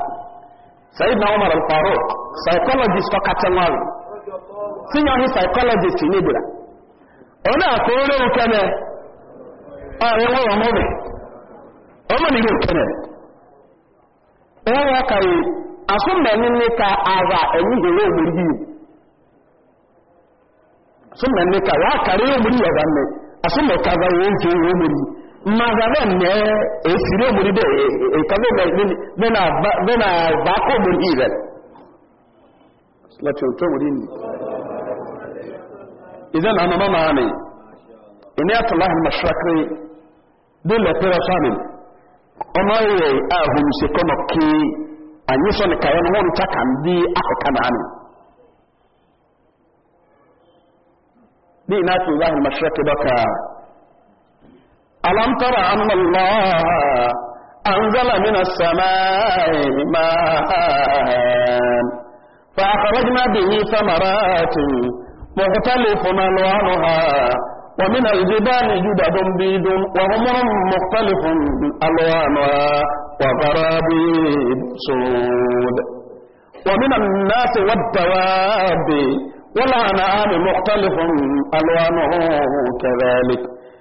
Sayyidina Umar al psychologist ọkacha senior psychologist n'ibira na-akọ ore ukene ọ ọmụmị ọmụmị ire ukene enwe asụ mmemme nne ka ara ogbori yi asụ mmemme ka ya ogbori ya ga asụ ka ara ogbori mazaban na esire muri da na na na ba ko mun idan wato to muri ne idan amma mama ne ina ta Allah al-mashriqi dole samin amma a hum se kuma ki anyi son kayan won ta kan bi aka ألم تر أن الله أنزل من السماء ماء فأخرجنا به ثمرات مختلف ألوانها ومن الجبال جدد بيد وغمر مختلف ألوانها وغرابيب سود ومن الناس والدواب والأنعام مختلف ألوانه كذلك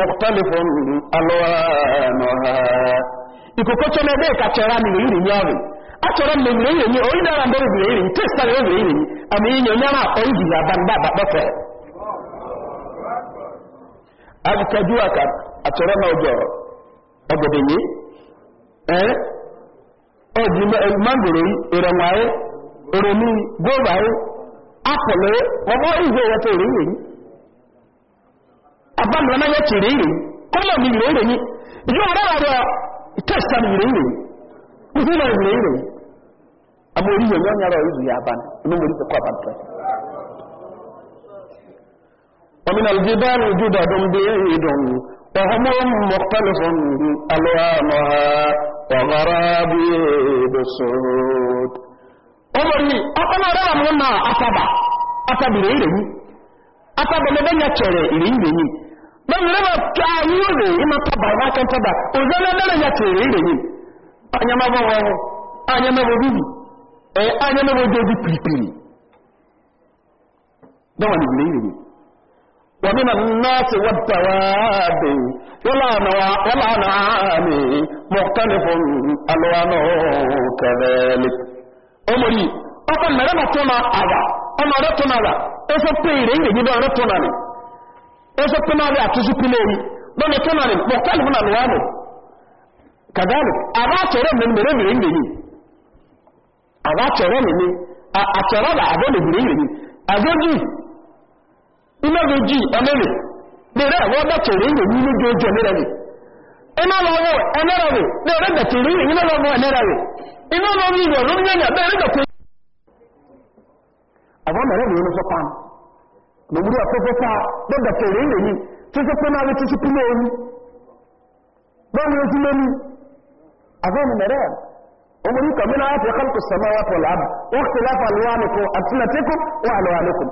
مختلف ألوانها ikuko chome be ka chera m yiri nyawe achora me ni yiri ni oida la ndoro ni yiri testa le ni yiri ami nyo nyama na ya banda ba bote ka achora na ojo ogodenyi eh oji me eh, mangoro eranwae oroni gobae ya abamra na yɛkyere chere kɔma ne werɛ ire nyi ɛdi wɔ dɛwɔdɛ testa ne werɛ ire wosi na werɛ ire ama ori yɛ nyɔnya ra ɔyizu yɛ aban ɛna wɔri sɛ kɔ aban pɛ ومن الجبال جدد بيض وهم مختلف ألوانها وغرابي بسود أمري أقول لها منا أصابع أصابع إليه أصابع لبنى تشري إليه bẹ́ẹ̀rẹ́bà kí a yíò rẹ̀ ìmọ̀ tọ́bà ìwákan tọ́bà òzẹ́lẹ́ bẹ̀rẹ̀ ya tèrè rẹ̀ yìí anyamọ́bọ̀ wọ́wọ́ anyamọ́bọ̀ ma ẹ̀ anyamọ́bọ̀ jẹ́jú pìrìpìrì dáwọn ìlú rẹ̀ wọ́n mímọ̀ náà ti na bi na eso pinari atuzu pinari bane tunani bokwali muna nuwano kadali aba chere ne mere mere ne ni aba chere ne ni a chere la abo ne mere ne azoji ina goji amele dere abo da chere ne ni ne goji amele ni ina lawo enera we dere da chere ne mere na ọ̀fẹ́fẹ́fà gbọ́dọ̀ fèrè ilẹ̀ ní tó ṣe pé máa rí títí pínlẹ̀ orí lọ́rin ojú lórí àbẹ́ni mẹ́rẹ́ ọmọrí kọ̀mínà ápẹ́ kọ́lùkù sọmọ́wà pọ̀lá ó ti láfà lọ́wọ́nìkù àtìlẹ̀tẹ́kù wà lọ́wọ́nìkù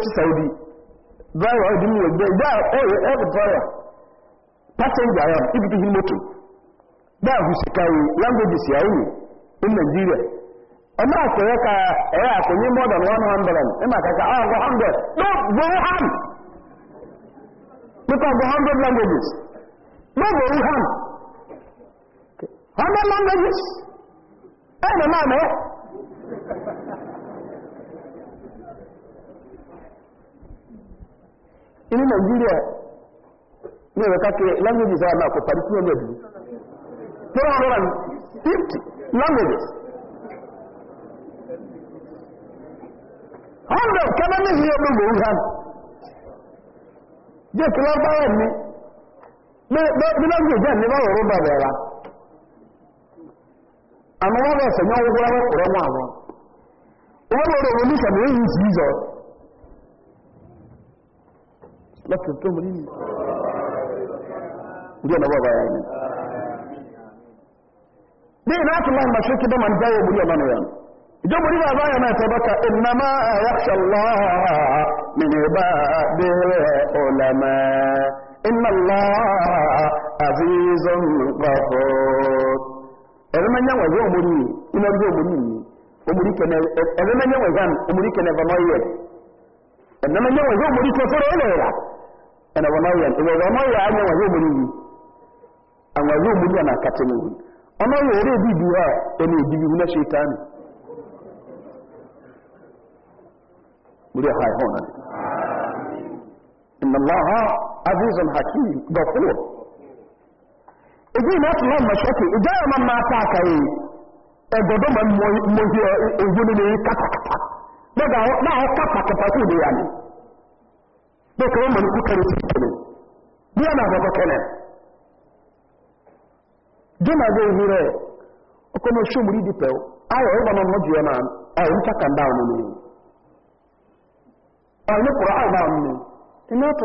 a nà ọmọrí ọ̀yà driver ọdị m wee gbee gaa oye ebe driver passenger ya ibibihi moto gaa hụsikarị languages ya unu in nigeria na akwere ka ẹ̀rẹ́ àkọ̀yí more than one hundred ẹ̀mà kàkà ọgọ́ hundred no gbòó ham nípa ọgọ́ hundred languages no gbòó ham hundred languages ẹ̀ nọ náà ya? ní nàìjíríà ní ẹ̀rọ káàkiri language sáà máa kò parí kíyàn lẹ́bí tó rán rán 50 languages 100 kẹ́mẹ́ ní ìyẹ́ ọmọ ìwòrán hàn jẹ́ kí wọ́n bá wọ́n ní bí language jẹ́ ní bá wọ́n rọ́bà bẹ̀rẹ̀ àmọ́ wọ́n bẹ̀ sẹ̀yán ogun rẹ̀ kọ̀rọ̀ mọ́ àwọn owó lọ́rọ̀ oníṣẹ̀lẹ̀ èyí sí lọ́kì tó mú nínú orí ọ̀nà wọ́n báyá ní bí i ya máa na kí dọ́mà ń ya. orí ọ̀nà rẹ̀ ìjọba orí bàbá yẹn náà ya iná máa yàkṣà lọ́wọ́ mìíràn bá bẹ̀rẹ̀ ọ̀làmẹ́ iná lọ́wọ́ àfihàn mẹ́nyẹ́ wọ̀ yẹ́ omori iná rí omori yìí omori kẹ́nẹ́ ẹ̀rọ mẹ́nyẹ́ wọ̀ yẹ́ kẹ́nẹ́ yẹ ɛna wɔn ayɛ ɛna wɔn ayɛ anyɛ wɔn ayɛ wɔn yi ayɛ wɔn yi a na akata ne yi ɔno ayɛ ɔrɛ bi bi hɔ a ɛna bi na hyɛ taa ne muri ha ɛhɔn na inna allaha azizun hakim gafur ebi na ɔtun hɔn mɔhyɛkɛ ɛgya yɛ ɔman maa taa ka yi ɛgɔdɔ ma mɔhi ɛhunu ma yi katakata na ɔka de ya bẹ́ẹ̀kẹ́ wọ́n mọ̀ ní kúkẹ́rẹ́ sí ìkẹ́lẹ̀ ya na àbọ̀bọ̀ kẹ́lẹ̀ jọ́nà àgbẹ̀ ìlú rẹ̀ ọkọ̀ ní oṣù múrí dìpẹ́ ayọ̀ ọ̀rọ̀ náà mọ́jú ọ̀nà ayọ̀ ń takà dáa nínú anụ ọ̀rọ̀ ní na àmà mi iná tó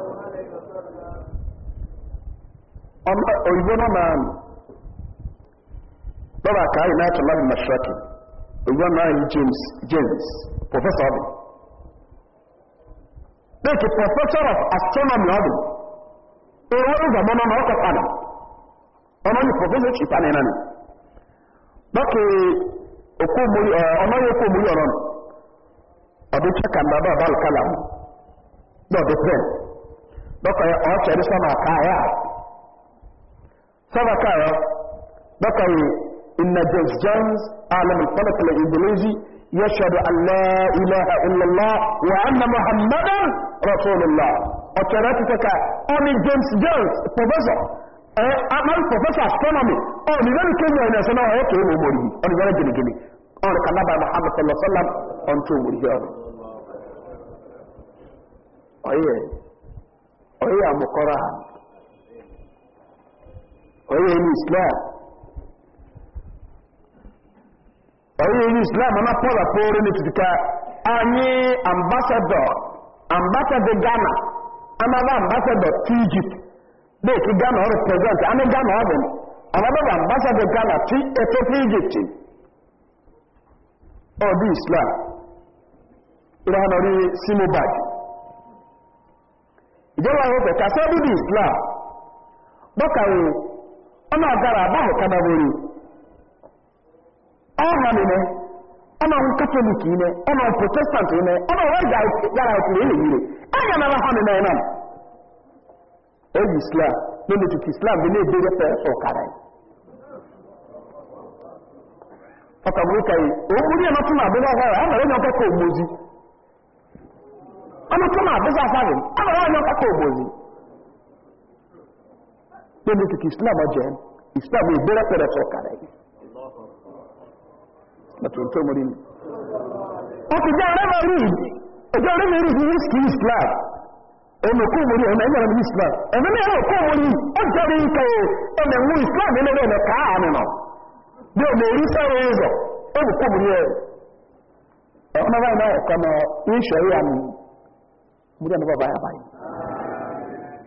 ọmọ òyìnbó náà máa nù lọ́wọ́ àkàáyì náà tó lábì mashiraki james james professor ọdún lẹ́kì professor of astronomy ọdún èrò ìgbàmọ́ náà ọkọ̀ padà ọmọ yìí professor chipa ní náà lọ́kì ọmọ yìí kò múlí ọ̀rọ̀ ọdún chaka mbà bá bá lùkálà mú lọ́dún pẹ́ lọ́kọ̀ ọ̀ọ́kẹ́ ní sọ́nà sadaka ya baka yi inna james jones alam al-falak al-indonesia yashhadu an la ilaha illallah wa anna muhammadan rasulullah ọ̀kẹ̀rẹ́ ti tẹ́ka ọmọ james jones professor eh, amari professor astronomy ọ̀nà oh, ìrẹ́ni kenya ẹ̀nà ẹ̀sẹ̀ náà ọ̀kẹ̀ ìmọ̀ òmòrì ọ̀nà ìrẹ́ni gẹ̀lẹ̀gẹ̀lẹ̀ ọ̀nà kanábà muhammad sallallahu alaihi wasallam ọ̀ntọ́ òmòrì ọ̀rọ̀ ọ̀yẹ́ ọ̀yẹ́ àmọ̀kọ́rọ̀ ọ̀rẹ́ ilé islam ọ̀rẹ́ ilé islam ọ̀nà pọ́lá pọ́ọ́rẹ́ n'etiti ka anyị ambassador gana ghana another ambassador to egypt deki ghana ọ represent anyị ghana ọ bụ another ambassador ghana to ethiopia egypt ọ dị islam ịrị ha nọrị sinubag ìjọba àwọn ọkọ̀ kàṣẹ́ islam ọmọ ọgara abahụ kadabori ọha nime ọmọ katọlik ime ọnụ protestant ime ọmọ ọwa gara ọtụrụ enyi ire anya na ha nime nam e islam n'ime tutu islam dị na-ebere pẹsọ e ọkara ọka bụrụ ka na abụghị ọhụrụ a nwere onye ọkaka ogbozi ọnụ na abụghị ọhụrụ a nwere onye ogbozi lórí ti kì islam ọjẹ́ islam ìgbéra pẹ̀lẹ̀ sọ̀kà rẹ̀ lọ́tún tó mọ́rí ni ó jẹ́ ọ̀rẹ́ mọ̀rí ẹjọ́ ọ̀rẹ́ mọ̀rí ní ìsìkì islam ẹnu kó mọ̀rí ẹ̀nà ẹ̀nà ní islam ẹ̀nà mẹ́rọ kó mọ̀rí ó rí ike ẹ̀nà mú islam nílẹ̀ ẹ̀nà káà àmì bí o mẹ̀rí sẹ́rọ ẹ̀zọ̀ ẹnu kó mọ̀rí ẹ̀ ọmọ báyìí náà ẹ̀kọ́ náà ń ṣẹ̀rí àmì mú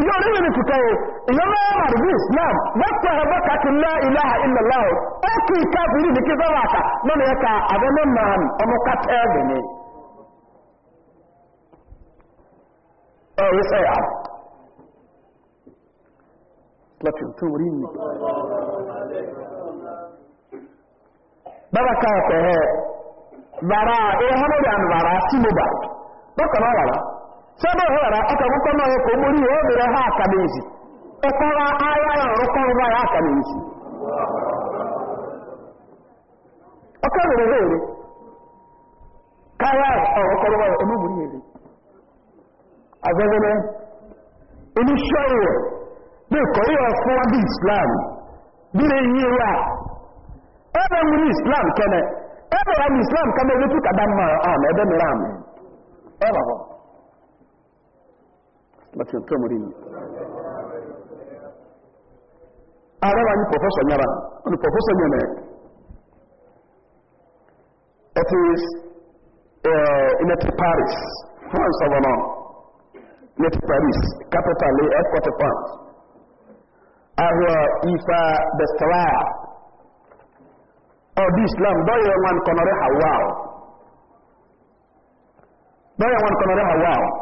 ìjọ orí ìrìn kùtẹ́ o ìyọ́ mẹ́rin àrùbí islam mọ́tọ̀ ẹ̀bọ́ kàkínlá ìlàhà ìlàláwò ó kì í káfìrí ní kí sọ́wọ́ àkà lọ́nà ẹ̀ka àbẹ́mọ́ màá ọmọ kátẹ́ẹ̀lì ni ọ̀rẹ́ sẹ́yà lọ́tí tó rí mi bábà káàkọ̀ ẹ̀ bàrà ẹ̀hánúdàn bàrà sílùbà sẹ́bẹ̀ hẹ́ra ọkà mọ́tọ́ náà yẹ kò mórí yóò bèèrè ha àkàlẹ̀yìí ọkọ̀wà e ya ọ̀rọ̀kọ̀ ọba ya àkàlẹ̀yìí ọkọ̀ bèèrè bèèrè káyà ọ̀rọ̀kọ̀ ọba ya ọmọ mórí yẹ̀rẹ̀ azẹ́gbẹ́lẹ́ oníṣẹ́ rẹ̀ bí kọ̀ yọ fún wa bí islam bíre yí wa ẹbẹ̀ ebe ní islam ebe islam lakin tomori ni ara wa ni professor nyara ni professor nyene it is uh, in at paris france of no in at paris capital le eh, headquarter france ahwa ifa destawa or oh, the islam doyo wan konore hawa doyo wan konore hawa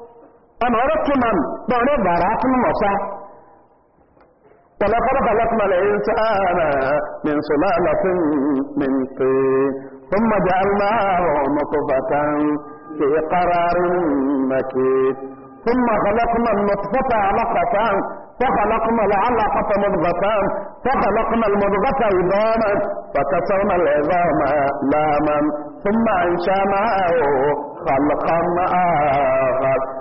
أنا أردت من دعنا بارات ولقد خلقنا الإنسان من سلالة من طين ثم جعلناه نطفة في قرار مكين ثم خلقنا النطفة علقة فخلقنا العلقة مضغة فخلقنا المضغة عظاما فكسرنا العظام لاما ثم أنشأناه خلقا آخر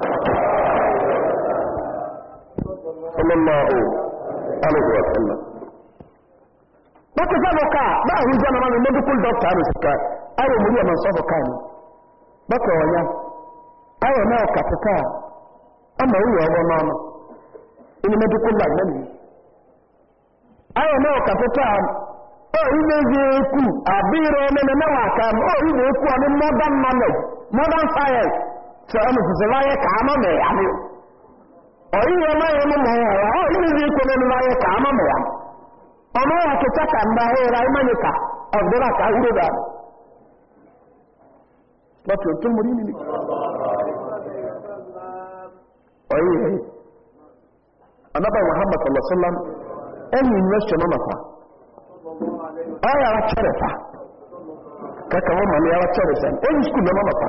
sallallahu alaihi wa sallam bako sabo ka ba ma medical doctor no sika ayo muri ma sabo ka ni bako onya ayo na ka ka ama wu ya obo mama ini medical lab na ni sọ̀rọ̀ mùsùlùmí láyé kàámọ́ mẹ̀yà mú ọ̀rí yẹn máyé mú mẹ̀yà rà ọ́ nínú ìdí ìkọ́ mẹ́nu láyé kàámọ́ mẹ̀yà mú ọmọ yà kìtà kà ń ka ẹ̀ ra ẹ̀ mẹ́yẹ kà ọ̀gbẹ́rẹ́ àti àwúrò dà mí. lọ́tì ò tún mú rí nínú. ọ̀rí muhammad sallallahu alaihi wa sallam ara fa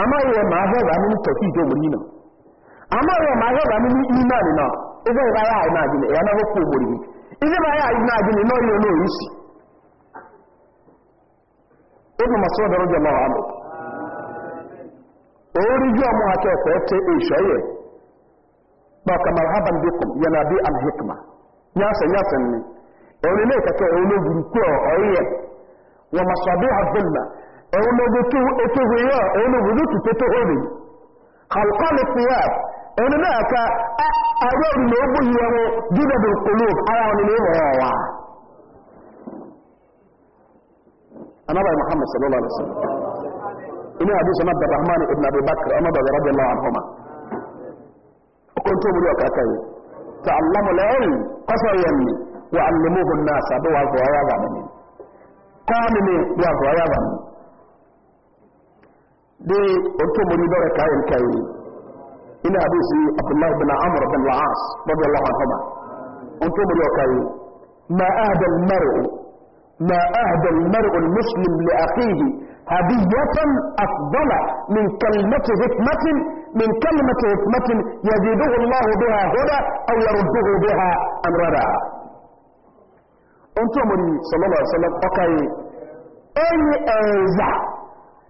amaghị ma ahịa ga amịnị tọki ike ogbori ino amaghị ma ahịa ga na-agịnị ya na ogbori gị ihe anyị na-agịnị n'ọyị onye obi masị ọdọrọ dị amụ ori ji ha kẹfẹ ẹtẹ èṣọ yẹ na bi al hikma yasẹ yasẹ nni ọrin náà kẹkẹ ọrin náà òun ló gbé ètòwé yọ òun ló wùdú ti tètò òrì kàlùkọ́lù ti yà òun náà ká àwọn òrì ló gbé yẹ wọn dídàbò kòló ara wọn ni wọn wà. anábàá muhammed sallallahu alaihi wasallam inú àdúgbò náà ibn abu bakr ọmọ bàbá rabi allah tó múlò ta alamu lẹ́yìn yẹn ni wa náà ni wà dé otomori lọ́rọ̀ káyọ̀ káyọ̀ ilé àdúsí abdullahi bin amr bin laas lọ́dọ̀ lọ́wọ́ ọ̀hánà otomori ọ̀káyọ̀ ma ahda almaru ma ahda almaru almuslim li akhihi hadiyatan afdala min kalimati hikmatin من كلمة حكمة يزيده الله بها هدى أو يرده بها أن ردى أنتم صلى الله عليه وسلم أكاي أي أنزع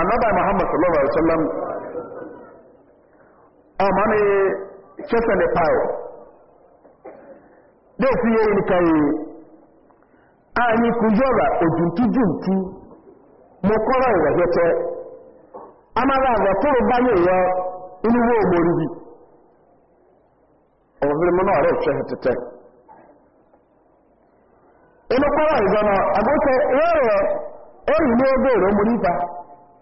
annabi muhammad sallallahu alaihi wasallam amane chefe ne payo de fi ye ni kai ani kujora ojuntuju mo kora ira hete amara ga toro banye yo inu wo mori bi o bi na re chefe tete inu kora ira na agote yo eri ni ogo ro mori ba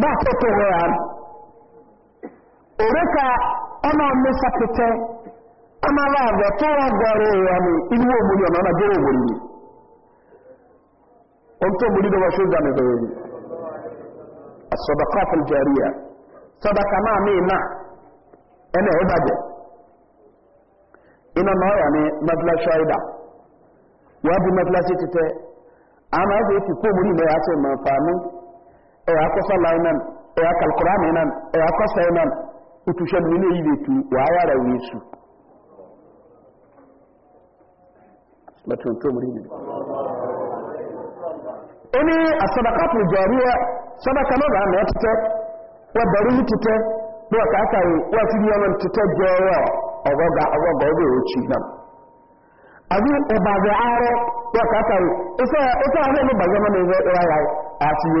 na-akpọtụrụ ya oreka ọ na-amịsapụta amara abụọ tụrụ agwara ya na iwe ogbori ọ na bụrụ ogbori ọtụ ogbori dọba shoga na amị na ẹnẹ ẹbàjẹ iná náà yà ní mẹfìlẹsì ọyìdà wọ́n ɛyɛ akɔ sɔlan ɛyɛ akɔ alukuraani ɛyɛ akɔ sɛn nan otuhyɛ ne yi de tu wa ayara jariya sadaka no na ɛtetɛ wa bari na wa kaaka yi wa ti diya man tetɛ jɛɛwa ɔgɔga ɔgɔga ɔbɛ yɛ okyi nam abi ɛbaagɛ arɔ wa yi no na ati no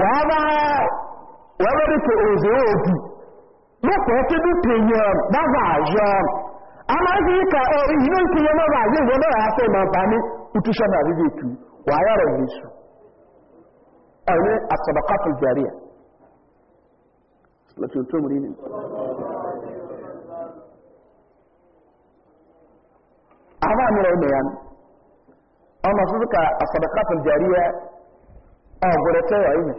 wàá wọ́n dìkẹ̀ òzè òbí mọ́kọ̀ ẹ́ tẹ́bí pèyàn bàbá àjọ amáyé ka ọ ìyínú ìpínlẹ̀ náà bàbá àjọ náà yà fẹ́ máa bá ìtúṣọ́ náà rí ètù wàá yàrá ìyẹsù ẹ̀rẹ́ àsọ̀bàkàtù jàrí ẹ̀ lọ́tí tó múrí ni àwọn àmìrẹ̀ ìmẹ̀ yanu ọmọ fúnfún ka àsọ̀bàkàtù jàrí ẹ̀ ọ̀gọ̀rẹ̀ tẹ́yọ̀ ìmẹ̀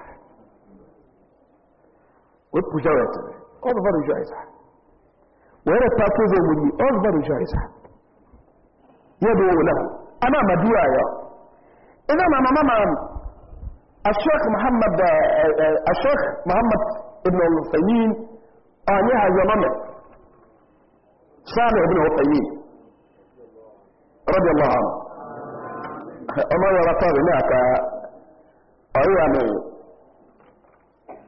with pejorative. All the very joys are. Where a purpose of you, all the very joys Ina mama man. Ashok Muhammad, eh, eh, Ashok Muhammad ibn al-Fayyin, Sami ibn al-Fayyin. Radiyallahu anhu. Ọmọ yọrọ tọ́rọ ní àkà ọ̀rí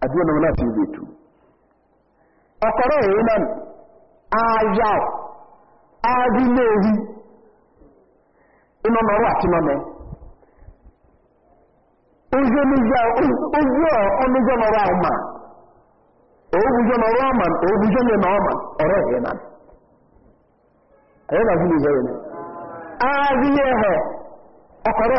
aduwa na wani asiri betu ọkọrọ ẹ̀yìn náà ààyà ààrí lórí iná mọ̀rọ̀ àti mọ́mọ́ ojú ọ̀nùjọ́ mọ̀rọ̀ àmà òwújọ́ mọ̀rọ̀ àmà òwújọ́ mẹ́mọ̀ ọrụ ọ̀rọ̀ ẹ̀yìn náà ẹ̀yìn ọkọrọ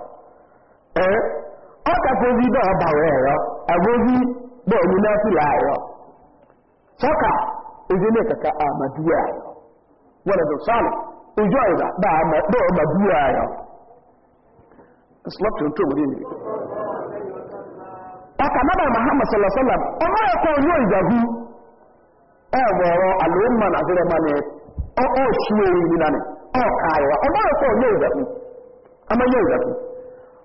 ọ kapụzi ibe ọba wee bụ omume ọfịla ayọ sọka wọle bụ sọlọ ojú ọyịza bụ amaduwe ayọ slọtụ ntụ obodo nri ọka naba muhammad sallallahu alaihi wasallam ọmọ ẹkọ ojú ọyịza hu na ma ọ ọ ṣuwe orí nínú ni ọ ka ayọ ọmọ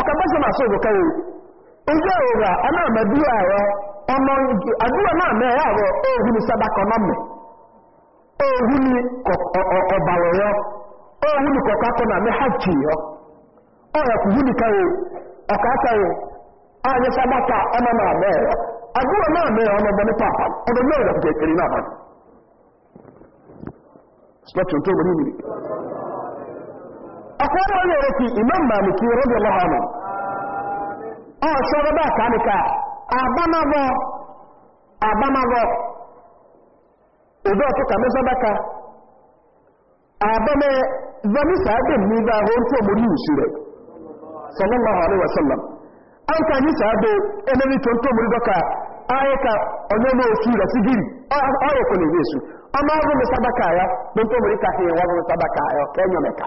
ọkàbọ́sọ̀ máa sọ̀rọ̀ kẹrì ojú ẹ̀rọ̀gà anáàmẹ́dúrà ẹ̀rọ ọmọ ìjì àdúrà náà mẹ́rẹ̀ àwọ̀ òhun ní sábàkọ̀ nọ́mẹ̀ òhun ní ọ̀bàwọ̀ yọ òhun ní kọ̀kọ́ náà mẹ́ hajj yọ ọ̀rẹ̀kù yìí kẹrì ọ̀kà kẹrì sábàkà ọmọ náà mẹ́rẹ̀ àdúrà náà mẹ́rẹ̀ ọmọ akwai wani wani imam maliki radiyallahu anhu ọ sọrọ bá kàníkà nika àbámabọ òdó ebe kàmí sọdáka àbámẹ vanisa ẹgbẹ mi bá wọn tó mọ ní sallallahu alaihi wasallam an ka ní sàbẹ ẹnẹbi tó ike tó dọka ayẹka ka onye oṣù rẹ sí gírì ọyọ kò esu ya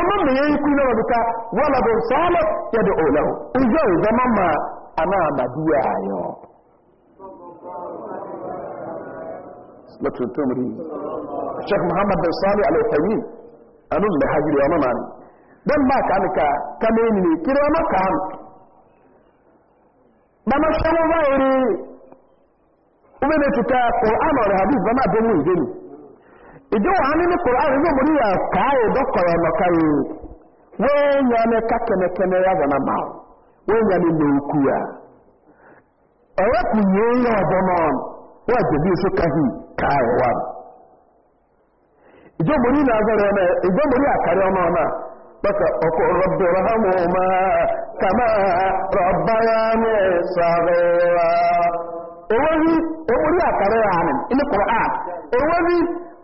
ọmọ mi yẹn kú náà bíkà wọ́lá bó sọ́ọ́lọ́ da òlàwọ̀ ojú ìjọ mọ́mà ma ana ayọ̀ lọ́tún tó mú rí sheikh muhammad bin sali al-fahmi anun da hajjiri wa mamani don ba ka nika kame ne kira maka hannu ba na shawo ba iri ube ne tuta ƙor'an wa hadis ba ma don mu izini ìjọ wà nínú koran ní òmùrí yà káàyè dọkọrọ ọlọkà yìí wọn yà ní ká kẹmẹkẹmẹ yà wọn àmà wọn yà ní lòókù yà ọwọ kù yìí yà ọbọ náà wọn àjẹbí èso wà. ọmọ náà bàtà ọkọ rọbì rahamu kàmá yìí yà yìí.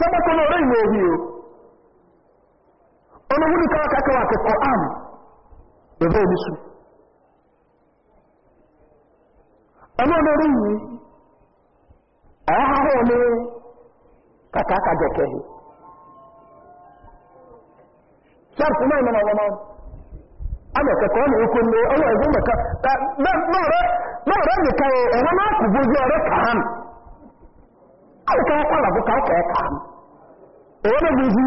sabako na ore ohi o ono wuni kawa ke qur'an bebe enisu ono na ore iwe aha ho ne kaka ka je kehi sharf na na wa ma ama ka e, ko ka alùkọ́ ọ̀pọ̀lọ̀ bú káàkẹ́ ẹ̀kà mú èyí ló bí i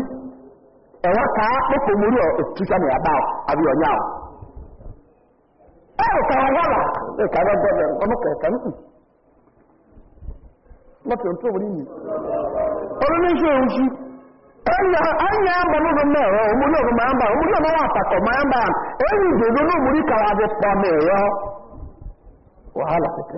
ẹ̀wọ́ ká púpọ̀ múrí ọ̀tíṣẹ́ ní àbá àbí ọ̀nyá ọ̀ ẹ̀rù kàwọn wọ́lá ẹ̀kàwọ́ gọ́ọ̀dẹ̀ ọmọkẹ̀ẹ̀kẹ́ nù ọrụ tó wọlé yìí olóníṣẹ́ òṣì ẹ̀yà ẹ̀yà àmọ́ ló mọ̀ ẹ̀rọ òmú náà ló máa ń bà òmú náà ọrụ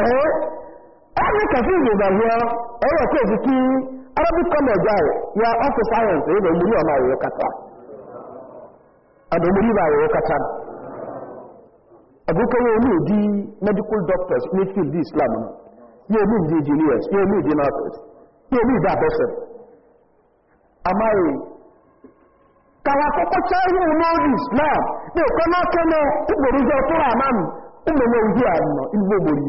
ee onye kafe igbo ga-ahụọ ọrụ ọkụ arabic college ahụ ya ọfụ sayensị ịdọ ogbori ọma ahụ kacha ọdọ ogbori ahụ kacha ọgụkọ ya ụdị medical doctors midfield islam ya olu ụdị engineers ya olu ndị nurses ya olu ụdị abọsịrị amaghị kawa akwụkwọcha ihe n'obi islam na-ekwe n'aka na ụkpụrụ ụzọ tụrụ ama m ụmụ m ndị a nọ igbo gbori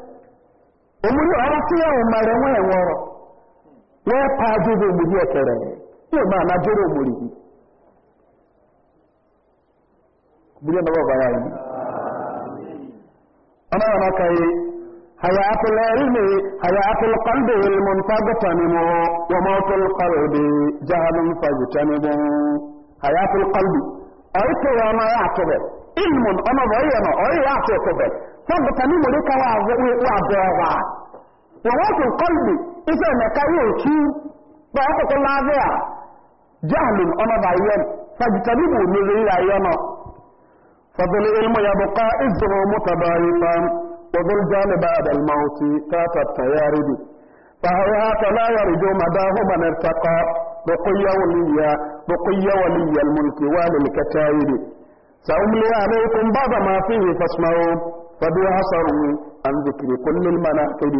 omuri ọrụ si ya nwụ mara enwe enwe ọrụ wee paa jụrụ omuri ekere ya ma na jụrụ omuri gị omuri ọnọba ọbara anyị ọnụ ọnụ aka yi haya akụlụ ilmi haya akụlụ kalbe ilmu haya ndị ya atụbe ya atụ ọtụbe sabu tani mo leka wa wa bɛɛba na wasu kɔlbi ife mɛka yi otu ba ya kɔkɔ laabe a jahlun ɔno ba yɛn sabu tani mo lele yi ayɛ no fadul ilmu ya buka izuhu mutabarifan wadul jani ba da almauti ta tatta ya ribi فهو هكذا يرجو مداه من ارتقى بقي وليا بقي ولي الملك والي الكتائب سأملي عليكم بعض وبي أصروا عن ذكر كل المناقب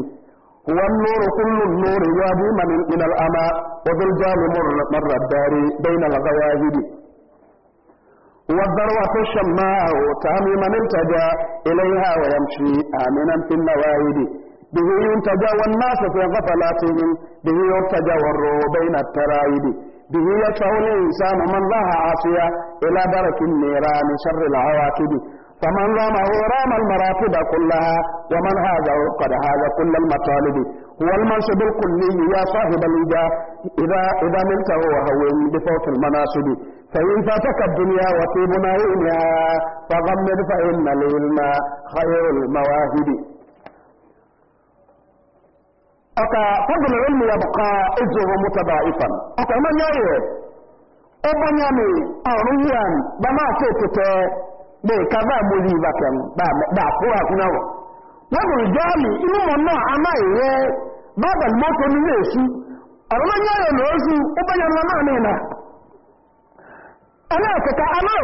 هو النور كل النور يهدي من إلى الأمى وذو الجال مر الدار بين الغواهب هو الذروة الشماء تهمي من التجا إليها ويمشي آمنا في النواهب به ينتجى والناس في غفلاتهم به يرتجى والروح بين الترائب به يدفع الإنسان من ظهر عاصيا إلى درك النيران شر العواقب فمن رامه رام المراتب كلها ومن هذا قد هذا كل المطالب هو المنصب الكلي يا صاحب الوجاه إذا إذا ملته وهوي بفوت المناصب فإن فاتك الدنيا وطيب نعيمها فغمد فإن العلم خير المواهب أكا فضل العلم يبقى إجره متضاعفا أكا من يعيه أبنيامي أريان بما تتتي bẹ́ẹ̀ka bá mórí ìbákẹ́m bá fún àkúnáwò wọ́n bùrù jọ́ọ̀mì ìwọ̀n náà a máa ìrẹ́ bábà mọ́tò ní lè sí ọ̀rọ̀lọ́yọ́ olóòsù ó bẹ́yà máa a máa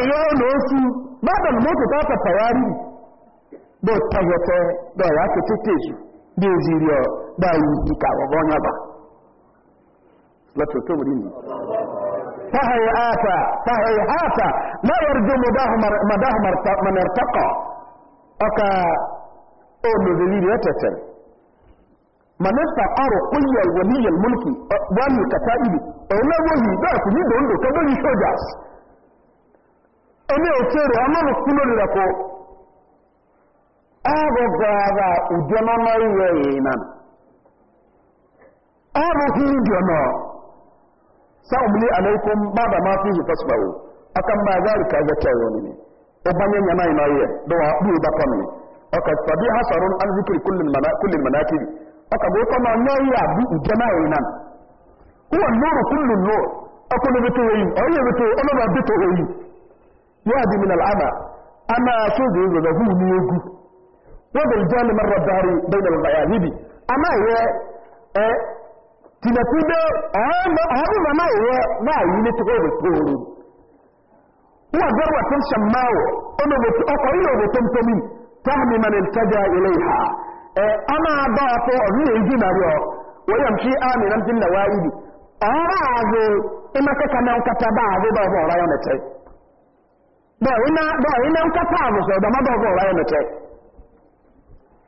ìrẹ́ olóòsù bábà tó فهي آفة فهي آفة لا يرجو مداه مر من ارتقى أكا أول ذليل يتتل من استقر قلي الولي الملك والي كتائب أولا وهي ذات جد عنده كبير شجاس أمي أتير أمام كل لكو أبو غابا أجنما أيوة يوينا أبو هي جنما sa'umli alaikum ba da ma fi fasbahu akan ba za ga tawo ne o banye nyama ina ye do wa bu ba kon ni o ka tabi hasarun an zikri kullil mana manakib aka go kama ya huwa nuru kullun nur bitu yi o ye bitu ono ba bitu yi ya di min al'ama ana so da hu ni egu wa dal jali marra na bainal ama eh, tìlẹ̀kúndé ọ̀hún màmá ìwọ báyìí ní tókò rẹ̀ tóòrò wọ́n gbẹ́rù àti ṣàmáwò ọkọ̀ ilẹ̀ òwò tó ń tómi tọ́hùnmí mẹ́rin tẹ́jà ilé ìhà ẹ̀ a máa bá ọkọ̀ ọ̀rún èyí nàrí náà ń kata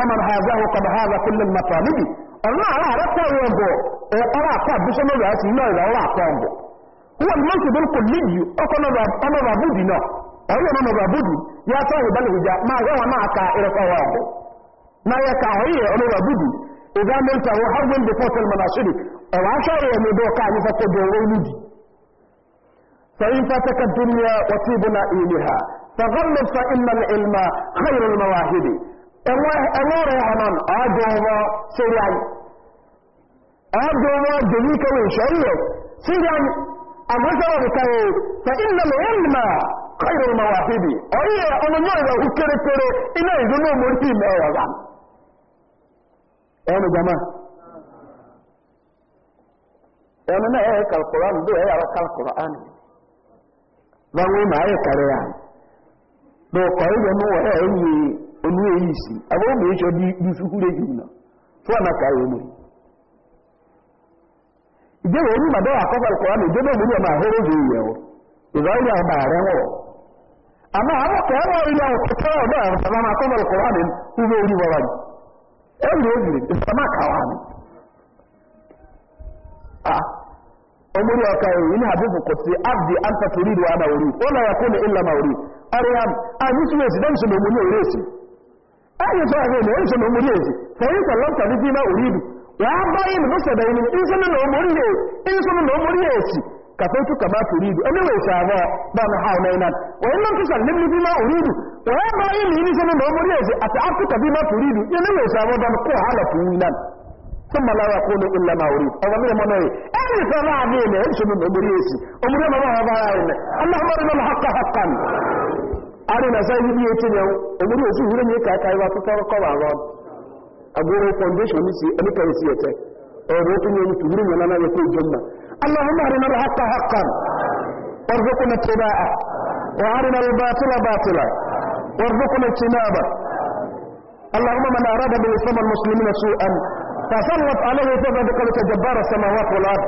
ومن هذاه قد هذا كل المطالب الله على رفع ينبو وقرا قد بشم الرأس الله لا الله تنبو هو الملك المنصب الكلي أكون أنا رابودي نا أو أنا رابودي يا صاحب الهجاء ما هو ما كائر فواه ما يكاهي أنا رابودي إذا ملت هو حظ بفوت المناصب أو عشر يمدو كان فتدو ولدي فإن فاتك الدنيا وطيبنا إليها فغلب فإن العلم خير المواهب ẹlọ́rọ̀ ọ̀nàn ọdọ̀wọ̀ syrian ọdọ̀wọ̀ dẹ̀líkẹwẹ̀ ìṣẹ́lẹ̀ syrian a nìkẹwẹ̀ ta ilẹ̀ ilmà kọ́yọ̀ mawàfíbi ọ̀yẹ́ ọmọnyọ́ ìrọ̀ kéré iná ìdúnú mọ́tí mẹ́wàá ẹnu jama ẹnu náà ẹ̀yẹ kalkuran bí ẹ̀yẹ àwọn kalkuran wọn onu eyi si ama ọ bụ ịchọ dị usukwuru ehi na tụọ na ka ya omori ìdí ìwé onímọ̀ na àkọ́kọ́ ìkọ̀wá ní ìdí ìwé ọmọ àhóró ju ìyẹ̀ o ìwà ìyá ọmọ ààrẹ wọ̀ àmọ́ àwọn kẹ́ ẹ̀rọ ilé ọ̀tọ̀tọ̀ ọ̀dọ́ àwọn ọmọ àkọ́kọ́ ìkọ̀wá ní ìwé orí wọ́wá ni ẹ̀rọ òbìrì ìsọmọ àkàwá ọka abdi ezi yi walwrbu we boo na bri e, e ezi k wụ e oworiibu wee abaaị na ii oụ na obori ezi ata atụkapụribu iwe ae o obri ezi ri a ari na sai bidiyo ce ne umuri su hura ne ka kai ba ta tsara kwaba ba a goro foundation ne sai alika ya siya ta eh rotu ne mutu hura ne na ya ko janna allahumma arina al-haqqa haqqan warzuqna ittiba'a wa arina al-batila batila warzuqna ijtinaba اللهم من أراد بالإسلام المسلمين سوءا فسلط عليه فقد قلت جبار السماوات والأرض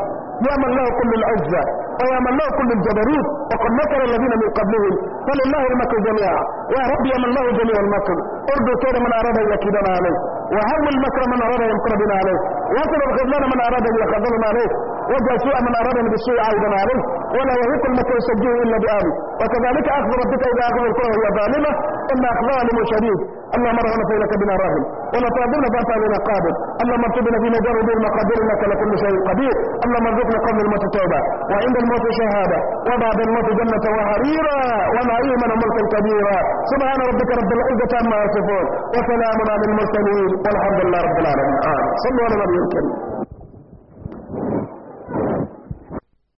يا من له كل العزة ويمنعه كل الجبروت وقد مكر الذين من قبلهم فلله المكر جميعا يا رب له جميع المكر ارجو كيد من أراد أن يكيدنا عليه وهم المكر من أراد أن يمكر بنا عليه وصل الخذلان من أراد أن يخذلنا عليه وجاء سوء من أراد أن بالسوء عائدا عليه ولا يهيق المكر يسجيه إلا بآله وكذلك أخذ ربك إذا أخذ القرى وهي ظالمة إن أخذها لم شديد اللهم ارحمنا فإنك بنا راهب ولا تعذبنا فأنت علينا قادر اللهم ارزقنا في مجرد المقادير إنك لكل شيء قدير اللهم ارزقنا قبل الموت التوبة وعند الموت شهادة وبعد الموت جنة وهريرا ونعيما وملكا كبيرا سبحان ربك رب العزة عما يصفون وسلام على المرسلين والحمد لله رب العالمين آه صلوا على النبي الكريم